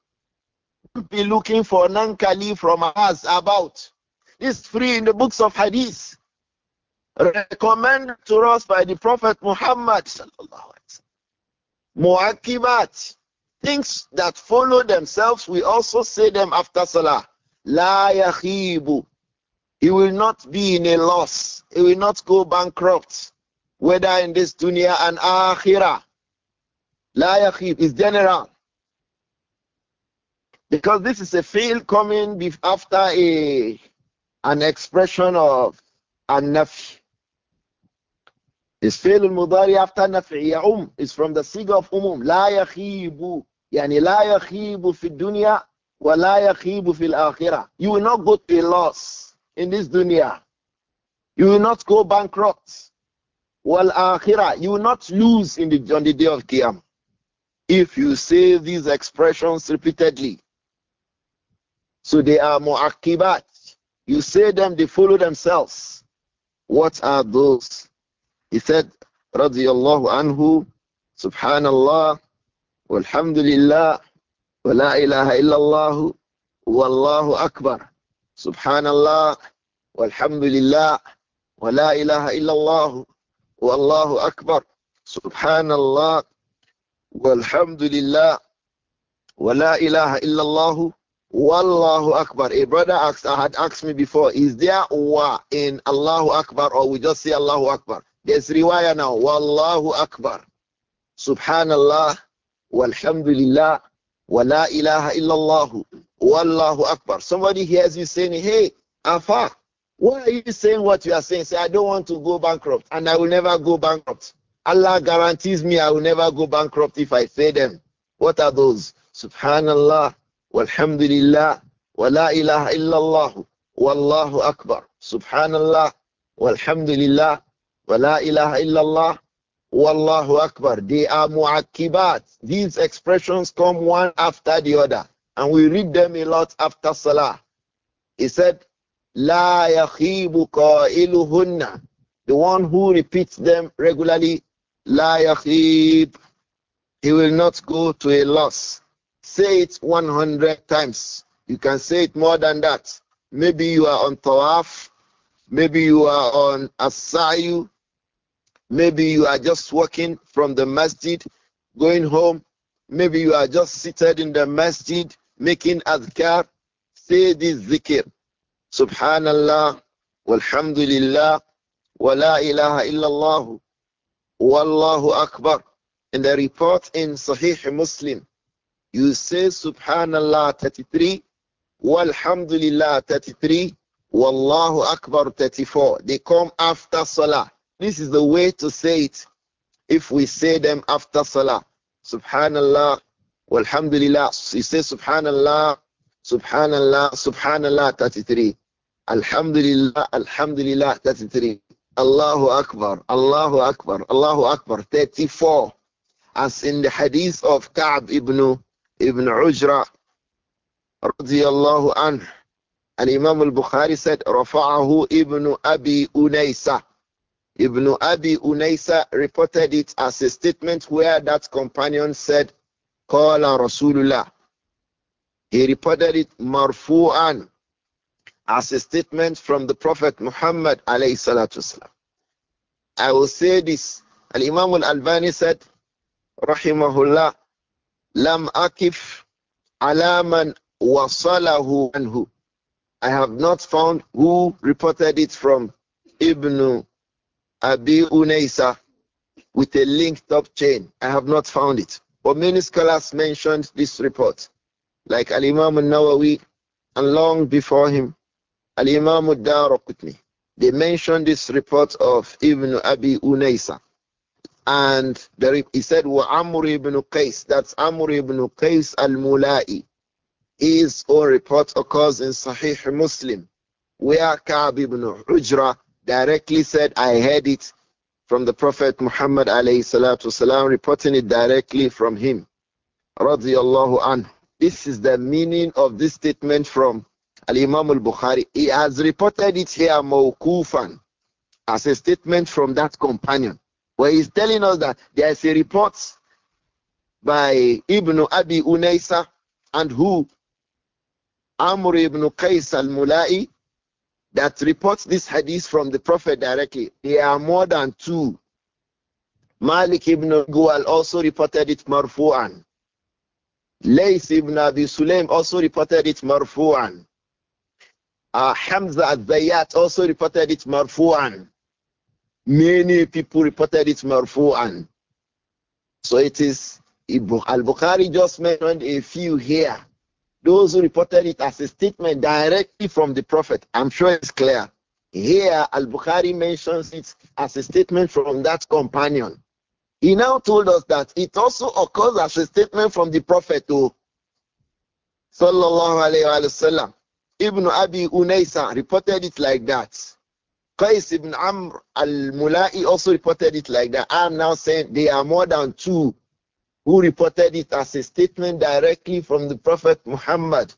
We be looking for nankali from us about. It's free in the books of hadith. Recommended to us by the Prophet Muhammad. Mu'akibat. Things that follow themselves, we also say them after Salah. La yakhibu. You will not be in a loss. You will not go bankrupt, whether in this dunya and akhirah. La yakhib is general. Because this is a field coming after a an expression of an nafi. Is fi'l al-mudari after nafi ya'um is from the siga of umum. La yakhibu. Yani la yakhibu fi dunya wa la yakhibu fil akhirah. You will not go to a loss in this dunya. You will not go bankrupt. Well, akhirah, you will not lose in the, on the day of Qiyam. If you say these expressions repeatedly. So they are mu'akibat. You say them, they follow themselves. What are those? He said, radiyallahu anhu, subhanallah, walhamdulillah, wa la ilaha illallah, wallahu akbar. Subhanallah, walhamdulillah, wa la ilaha illallah, allahu akbar. Subhanallah, walhamdulillah, wa la ilaha illallah, allahu akbar. A brother asked, I had asked me before, is there wa in Allahu akbar or we just say Allahu akbar? There's riwayah now, allahu akbar. Subhanallah, walhamdulillah, wa la ilaha illallah. Wallahu Akbar. Somebody hears you saying, Hey, Afa, why are you saying what you are saying? Say, I don't want to go bankrupt and I will never go bankrupt. Allah guarantees me I will never go bankrupt if I say them. What are those? Subhanallah, walhamdulillah, wa la ilaha illallah, wallahu akbar. Subhanallah, walhamdulillah, wa la ilaha illallah, wallahu akbar. They are mu'akibat. These expressions come one after the other. And we read them a lot after Salah. He said, La yakhibu The one who repeats them regularly, La yakhib. He will not go to a loss. Say it 100 times. You can say it more than that. Maybe you are on tawaf. Maybe you are on asayu. Maybe you are just walking from the masjid, going home. Maybe you are just seated in the masjid. making adhkar, say this zikr. Subhanallah, walhamdulillah, ولا la ilaha illallah, wallahu akbar. In the report in Sahih Muslim, you say Subhanallah 33, walhamdulillah 33, wallahu akbar 34. They come after salah. This is the way to say it if we say them after salah. Subhanallah, Alhamdulillah. He says Subhanallah, Subhanallah, Subhanallah 33. Alhamdulillah, Alhamdulillah 33. Allahu Akbar, Allahu Akbar, Allahu Akbar 34. As in the hadith of Ka'b ibn ibn Ujra radiyallahu anhu. And Imam al-Bukhari said, Rafa'ahu ibn Abi Unaysa. Ibn Abi Unaysa reported it as a statement where that companion said, on Rasulullah. He reported it marfu'an as a statement from the Prophet Muhammad alayhi salatu I will say this. Al-Imam al-Albani said, rahimahullah, lam akif ala man wasalahu anhu. I have not found who reported it from Ibn Abi Unaysa with a linked up chain. I have not found it. But many scholars mentioned this report, like Al Imam al Nawawi, and long before him, Al Imam al Daraqutni. They mentioned this report of Ibn Abi Unaysa. And he said, Wa Amr ibn Qais, that's Amr ibn Qais al Mula'i. His own report occurs in Sahih Muslim, where Ka'b ibn Ujra directly said, I heard it from the Prophet Muhammad والسلام, reporting it directly from him. This is the meaning of this statement from Al Imam al Bukhari. He has reported it here mawkufan as a statement from that companion, where he's telling us that there is a report by Ibn Abi Unaysa and who Amr ibn Qais al Mula'i that reports this hadith from the Prophet directly. There are more than two. Malik ibn Gual also reported it marfu'an. Lays ibn Abi Sulaim also reported it marfu'an. Uh, Hamza al-Zayyat also reported it marfu'an. Many people reported it marfu'an. So it is, Al-Bukhari just mentioned a few here. Those who reported it as a statement directly from the Prophet, I'm sure it's clear. Here, Al Bukhari mentions it as a statement from that companion. He now told us that it also occurs as a statement from the Prophet to Sallallahu Alaihi Wasallam. Ibn Abi Unaysa reported it like that. Qais ibn Amr al-Mula'i also reported it like that. I'm now saying there are more than two who reported it as a statement directly from the Prophet Muhammad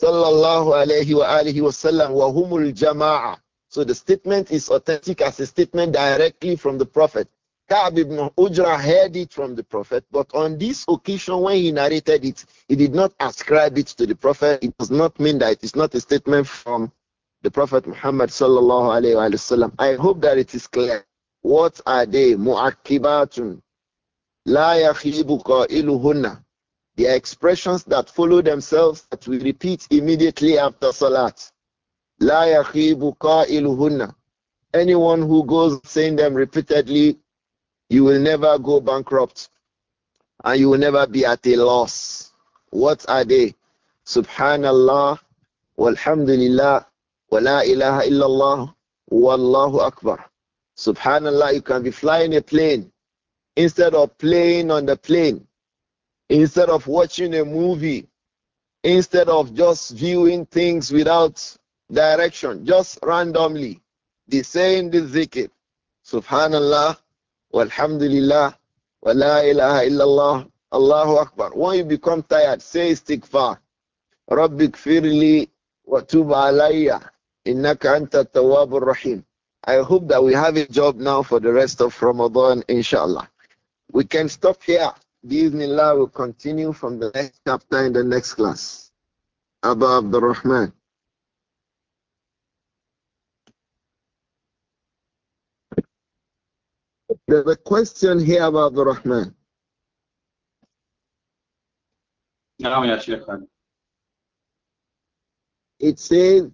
sallallahu alayhi wa alihi wasallam wa humul jama'a. So the statement is authentic as a statement directly from the Prophet. Ka'b ibn Ujra heard it from the Prophet, but on this occasion when he narrated it, he did not ascribe it to the Prophet. It does not mean that it is not a statement from the Prophet Muhammad sallallahu alayhi wa sallam. I hope that it is clear. What are they? Mu'akibatun La yakhlibu iluhuna. The expressions that follow themselves that we repeat immediately after salat. La yakhibu iluhuna. Anyone who goes saying them repeatedly, you will never go bankrupt and you will never be at a loss. What are they? Subhanallah, walhamdulillah, wa la ilaha illallah, wallahu akbar. Subhanallah, you can be flying a plane instead of playing on the plane, instead of watching a movie, instead of just viewing things without direction, just randomly, the same the zikr. Subhanallah, walhamdulillah, wa la ilaha illallah, Allahu Akbar. When you become tired, say istighfar. Rabbi kfirli wa tub alayya, innaka anta tawwabur rahim. I hope that we have a job now for the rest of Ramadan, inshallah. We can stop here. Bismillah will continue from the next chapter in the next class. Abu Abdurrahman. There's a question here about Abdurrahman. نعم it says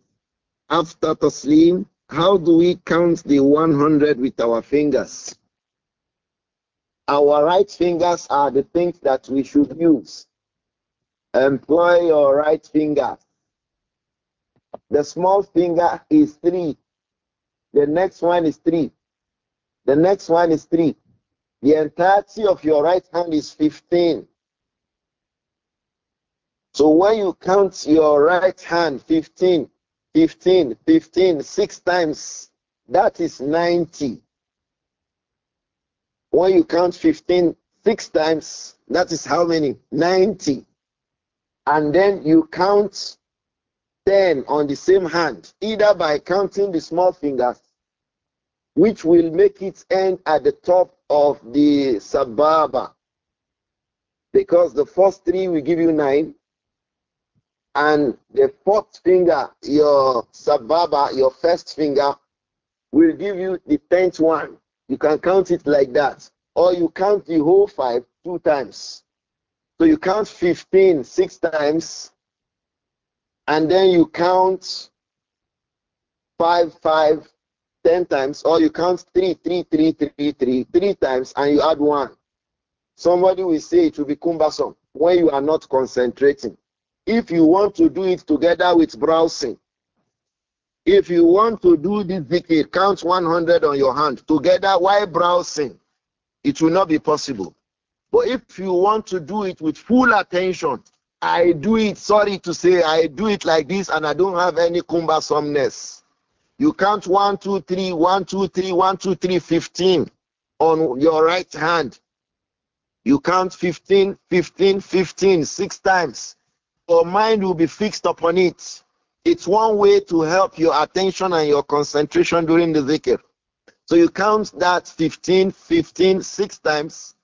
after taslim how do we count the 100 with our fingers our right fingers are the things that we should use. Employ your right finger. The small finger is three. The next one is three. The next one is three. The entirety of your right hand is 15. So when you count your right hand 15, 15, 15, six times, that is 90. When you count 15 six times, that is how many? 90. And then you count 10 on the same hand, either by counting the small fingers, which will make it end at the top of the sababa. Because the first three will give you nine, and the fourth finger, your sababa, your first finger, will give you the tenth one. You can count it like that. Or you count the whole five two times. So you count 15 six times, and then you count five, five, ten times, or you count three, three, three, three, three, three times, and you add one. Somebody will say it will be cumbersome when you are not concentrating. If you want to do it together with browsing, if you want to do this zikr, count 100 on your hand together while browsing. It will not be possible. But if you want to do it with full attention, I do it, sorry to say, I do it like this and I don't have any cumbersomeness. You count 1, 2, 3, 1, 2, 3, 1, 2, 3, 15 on your right hand. You count 15, 15, 15, six times. Your mind will be fixed upon it. It's one way to help your attention and your concentration during the zikr. So you count that 15, 15, six times,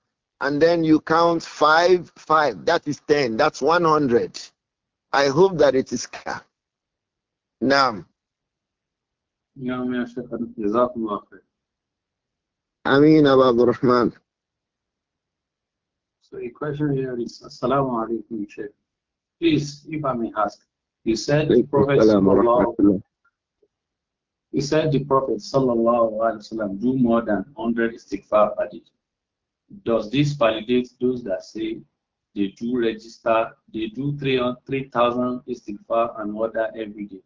and then you count five, five. That is 10. That's 100. I hope that it is clear. Now. Ameen Abu Rahman. So a question here is Assalamu alaikum, Sheikh. Please, if I may ask, he said the Prophet sallallahu he said the Prophet alaihi wasallam do more than 100 istighfar per day. Does this validate those that say they do register, they do 3,000 istighfar and order every day?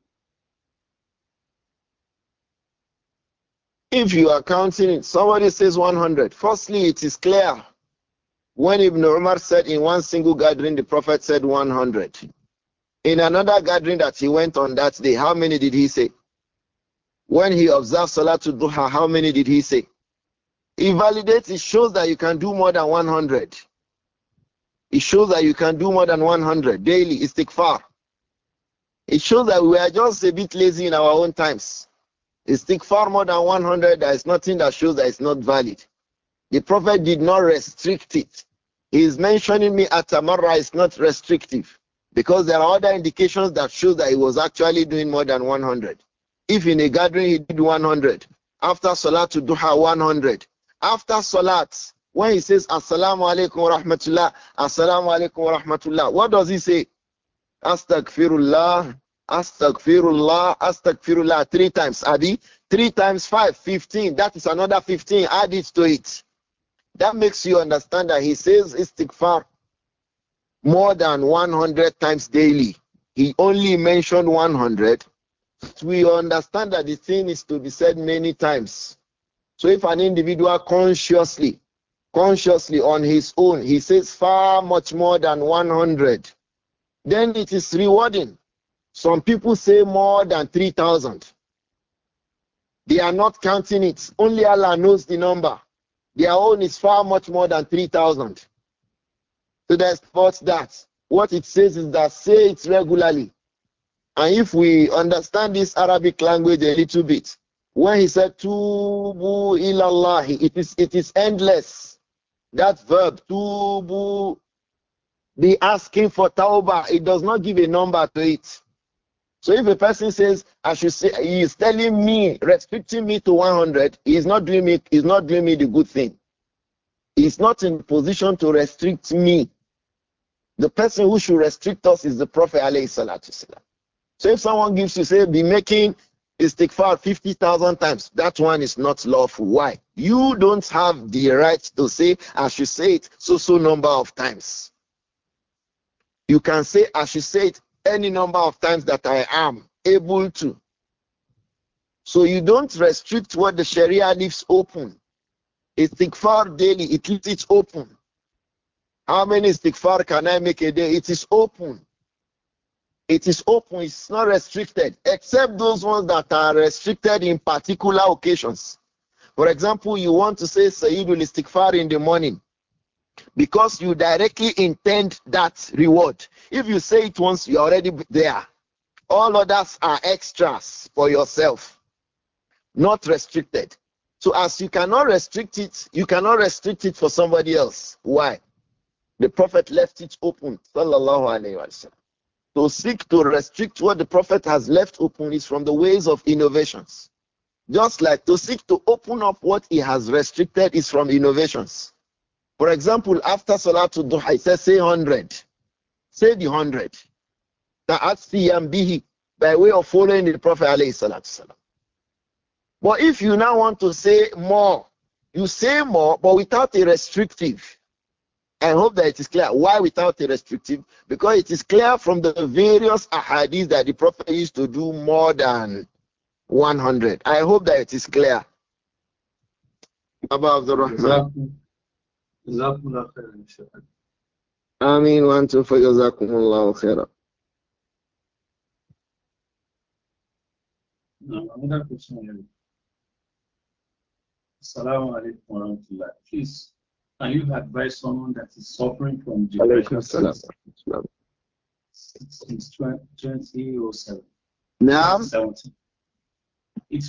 If you are counting it, somebody says 100. Firstly, it is clear when Ibn Umar said in one single gathering, the Prophet said 100. In another gathering that he went on that day, how many did he say? When he observed salah Salatul Duha, how many did he say? It validates, it shows that you can do more than 100. It shows that you can do more than 100 daily istighfar. It shows that we are just a bit lazy in our own times. Istighfar more than 100, there is nothing that shows that it's not valid. The Prophet did not restrict it. He is mentioning me at Tamara. It's not restrictive. Because there are other indications that show that he was actually doing more than 100. If in a gathering he did 100, after Salat to Duha 100, after Salat, when he says Assalamu alaikum wa rahmatullah, Assalamu alaikum wa rahmatullah, what does he say? Astaghfirullah, Astaghfirullah, Astaghfirullah, three times, Adi, three times five, 15, that is another 15, add it to it. That makes you understand that he says istighfar more than 100 times daily. He only mentioned 100. We understand that the thing is to be said many times. So if an individual consciously, consciously on his own, he says far much more than 100, then it is rewarding. Some people say more than 3,000. They are not counting it. Only Allah knows the number. Their own is far much more than 3,000. So there's not that. What it says is that say it regularly. And if we understand this Arabic language a little bit, when he said tubu ilallahi, it is it is endless. That verb tubu, be asking for taubah, it does not give a number to it. So if a person says, I should say, he is telling me, restricting me to 100, he's not doing me, he's not doing me the good thing. He's not in position to restrict me the person who should restrict us is the Prophet alayhi So if someone gives you, say, be making istighfar 50,000 times, that one is not lawful. Why? You don't have the right to say, I should say it so so number of times. You can say, I should say it any number of times that I am able to. So you don't restrict what the Sharia leaves open. Istighfar daily, it leaves it open. How many istighfar can I make a day? It is open. It is open. It's not restricted, except those ones that are restricted in particular occasions. For example, you want to say Sayyidul Istighfar in the morning because you directly intend that reward. If you say it once, you're already there. All others are extras for yourself, not restricted. So, as you cannot restrict it, you cannot restrict it for somebody else. Why? The Prophet left it open, so To seek to restrict what the Prophet has left open is from the ways of innovations. Just like to seek to open up what he has restricted is from innovations. For example, after Salatul Duha, he says, say 100. Say the 100. bihi By way of following the Prophet But if you now want to say more, you say more, but without a restrictive. I hope that it is clear. Why without a restrictive? Because it is clear from the various ahadith that the Prophet used to do more than 100. I hope that it is clear. Baba Abdurrahman. Ameen wa antum fa jazakumullahu khairan. Assalamu alaikum wa rahmatullah. Please. Can you advise someone that is suffering from depression since 2007? Now, it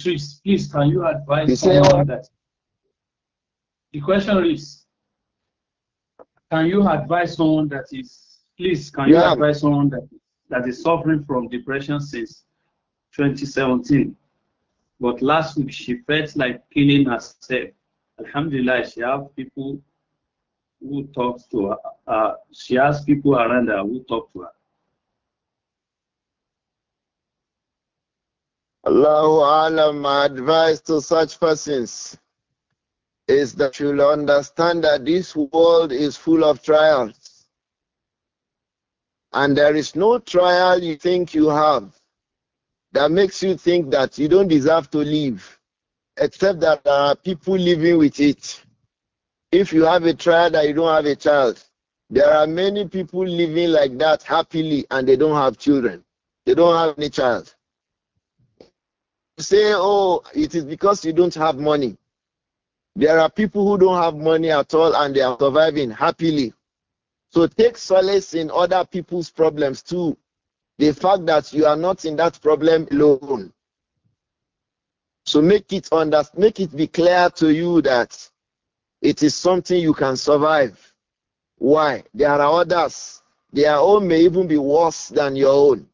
reads, please, can you advise you someone that? The question is, can you advise someone that is, please, can you yeah. advise someone that, that is suffering from depression since 2017? But last week, she felt like killing herself. Alhamdulillah, she have people who talks to her. Uh, uh, she has people around her who talk to her. Allahu Alam, my advice to such persons is that you'll understand that this world is full of trials. And there is no trial you think you have that makes you think that you don't deserve to live, except that there are people living with it. If you have a child and you don't have a child, there are many people living like that happily and they don't have children. They don't have any child. You say, oh, it is because you don't have money. There are people who don't have money at all and they are surviving happily. So take solace in other people's problems too. The fact that you are not in that problem alone. So make it under, make it be clear to you that it is something you can survive. Why? There are others. Their own may even be worse than your own.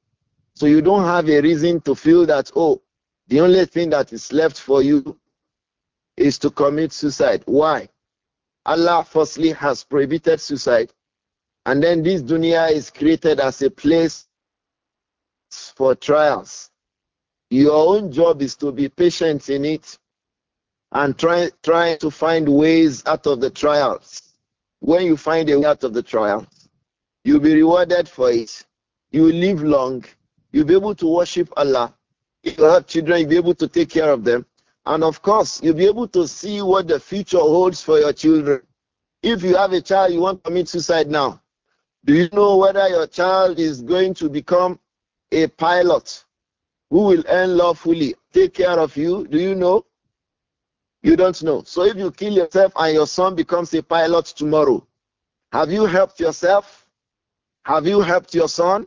So you don't have a reason to feel that, oh, the only thing that is left for you is to commit suicide. Why? Allah firstly has prohibited suicide, and then this dunya is created as a place for trials. Your own job is to be patient in it and try, trying to find ways out of the trials. When you find a way out of the trial, you'll be rewarded for it. You will live long. You'll be able to worship Allah. If you have children, you'll be able to take care of them. And of course, you'll be able to see what the future holds for your children. If you have a child, you want to commit suicide now. Do you know whether your child is going to become a pilot who will earn lawfully, take care of you? Do you know? You don't know. So if you kill yourself and your son becomes a pilot tomorrow, have you helped yourself? Have you helped your son?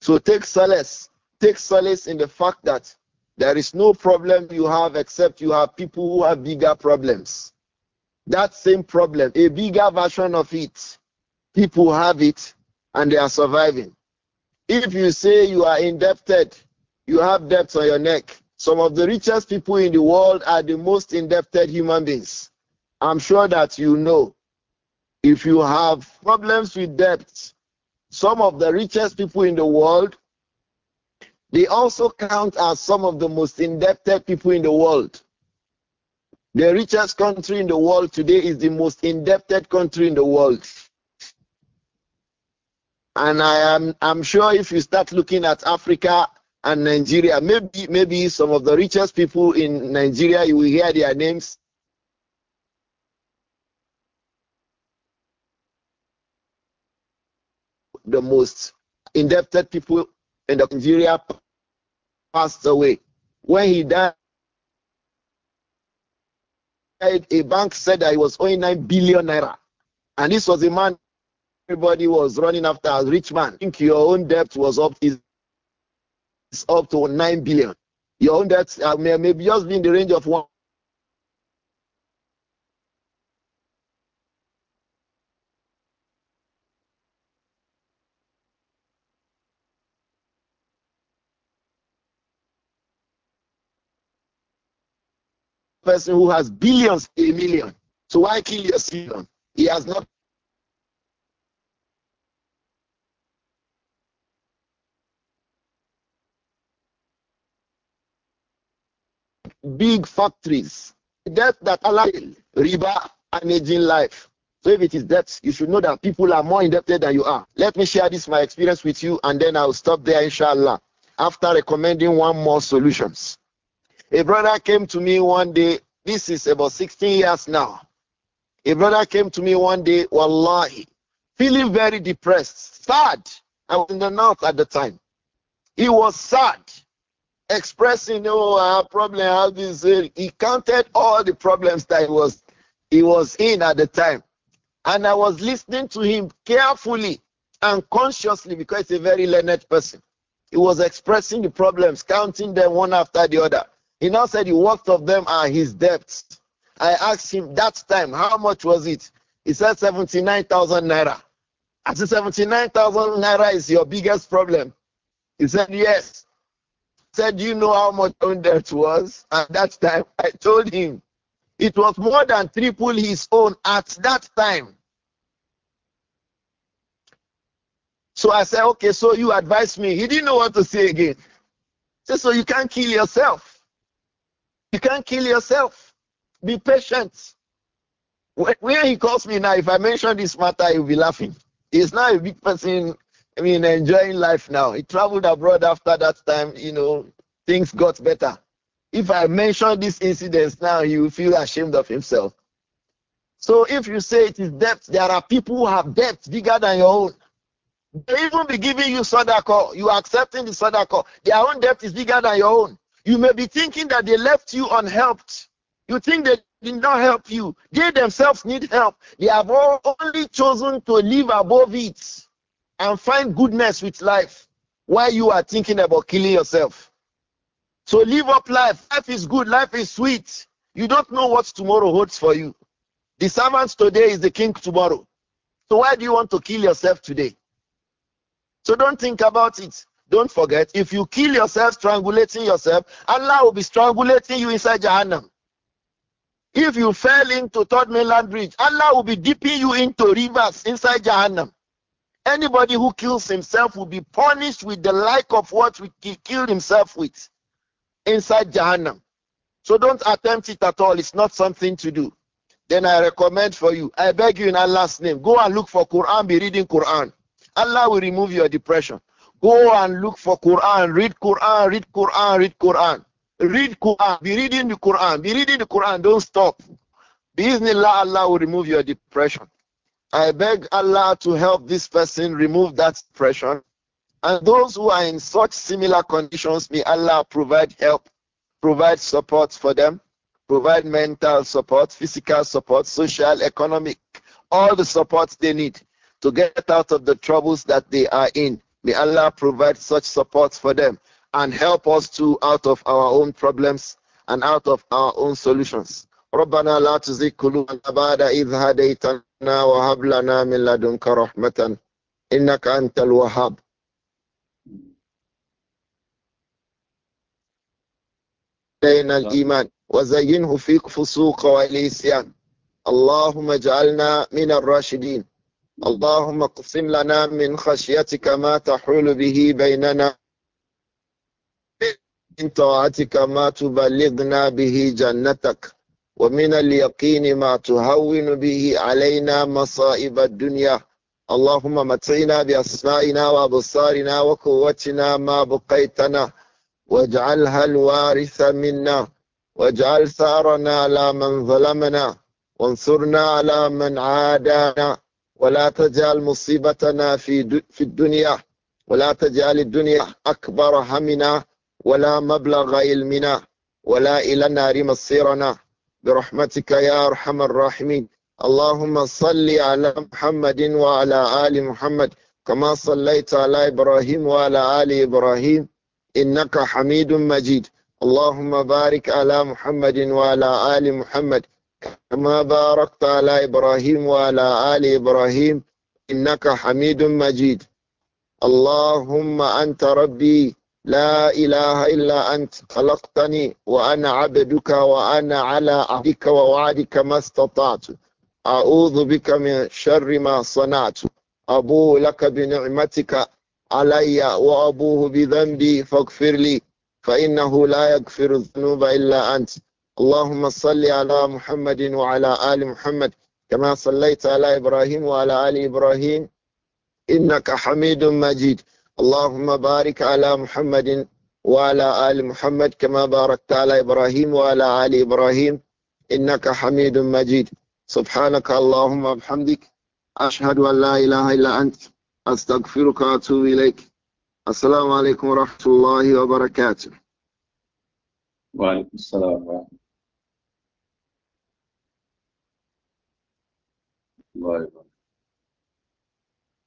So take solace. Take solace in the fact that there is no problem you have except you have people who have bigger problems. That same problem, a bigger version of it, people have it and they are surviving. If you say you are indebted, you have debts on your neck, some of the richest people in the world are the most indebted human beings. I'm sure that you know. If you have problems with debt, some of the richest people in the world, they also count as some of the most indebted people in the world. The richest country in the world today is the most indebted country in the world. And I am I'm sure if you start looking at Africa and Nigeria. Maybe, maybe some of the richest people in Nigeria, you will hear their names. The most indebted people in the Nigeria passed away. When he died, a bank said that he was owing 9 billion naira. And this was a man everybody was running after, a rich man. I think your own debt was up is up to 9 billion. Your own debt uh, may, may just be in the range of 1 person who has billions a million. So why kill your student He has not big factories. Death that Allah riba managing life. So if it is debt, you should know that people are more indebted than you are. Let me share this my experience with you, and then I'll stop there, inshallah. After recommending one more solutions, a brother came to me one day. This is about 16 years now. A brother came to me one day, wallahi, feeling very depressed, sad. I was in the north at the time. He was sad expressing, oh, our problem, how this, he counted all the problems that he was, he was in at the time. And I was listening to him carefully and consciously because he's a very learned person. He was expressing the problems, counting them one after the other. He now said the worth of them are his debts. I asked him that time, how much was it? He said 79,000 naira. I said, 79,000 naira is your biggest problem. He said, yes said, you know how much own debt was? At that time, I told him it was more than triple his own at that time. So I said, Okay, so you advised me. He didn't know what to say again. Said, so you can't kill yourself. You can't kill yourself. Be patient. When he calls me now, if I mention this matter, he'll be laughing. He's now a big person I mean, enjoying life now. He traveled abroad after that time, you know, things got better. If I mention these incidents now, he will feel ashamed of himself. So if you say it is debt, there are people who have debts bigger than your own. They even be giving you sadaqah. You are accepting the sadaqah. Their own debt is bigger than your own. You may be thinking that they left you unhelped. You think they did not help you. They themselves need help. They have only chosen to live above it and find goodness with life while you are thinking about killing yourself. So live up life. Life is good. Life is sweet. You don't know what tomorrow holds for you. The servant today is the king tomorrow. So why do you want to kill yourself today? So don't think about it. Don't forget, if you kill yourself, strangulating yourself, Allah will be strangulating you inside Jahannam. If you fell into third mainland bridge, Allah will be dipping you into rivers inside Jahannam. Anybody who kills himself will be punished with the like of what he killed himself with inside Jahannam. So don't attempt it at all. It's not something to do. Then I recommend for you, I beg you in Allah's name, go and look for Quran, be reading Quran. Allah will remove your depression. Go and look for Quran, read Quran, read Quran, read Quran. Read Quran, be reading the Quran, be reading the Quran, don't stop. Bismillah, Allah will remove your depression. I beg Allah to help this person remove that pressure. And those who are in such similar conditions, may Allah provide help, provide support for them, provide mental support, physical support, social, economic, all the support they need to get out of the troubles that they are in. May Allah provide such support for them and help us too out of our own problems and out of our own solutions. ربنا لا تزغ قلوبنا بعد إذ هديتنا وهب لنا من لدنك رحمة إنك أنت الوهاب علينا الإيمان وزينه في فسوق والإسيان اللهم اجعلنا من الراشدين اللهم اقسم لنا من خشيتك ما تحول به بيننا من طاعتك ما تبلغنا به جنتك ومن اليقين ما تهون به علينا مصائب الدنيا اللهم متعنا بأسمائنا وأبصارنا وقوتنا ما بقيتنا واجعلها الوارث منا واجعل ثارنا على من ظلمنا وانصرنا على من عادانا ولا تجعل مصيبتنا في في الدنيا ولا تجعل الدنيا أكبر همنا ولا مبلغ علمنا ولا إلى النار مصيرنا برحمتك يا أرحم الراحمين اللهم صل على محمد وعلى آل محمد كما صليت على إبراهيم وعلى آل إبراهيم إنك حميد مجيد اللهم بارك على محمد وعلى آل محمد كما باركت على إبراهيم وعلى آل إبراهيم إنك حميد مجيد اللهم أنت ربي لا إله إلا أنت خلقتني وأنا عبدك وأنا على عهدك ووعدك ما استطعت أعوذ بك من شر ما صنعت أبو لك بنعمتك علي وأبوه بذنبي فاغفر لي فإنه لا يغفر الذنوب إلا أنت اللهم صل على محمد وعلى آل محمد كما صليت على إبراهيم وعلى آل إبراهيم إنك حميد مجيد اللهم بارك على محمد وعلى آل محمد كما باركت على إبراهيم وعلى آل إبراهيم إنك حميد مجيد سبحانك اللهم وبحمدك أشهد أن لا إله إلا أنت أستغفرك وأتوب إليك السلام عليكم ورحمة الله وبركاته وعليكم السلام ورحمة الله وبركاته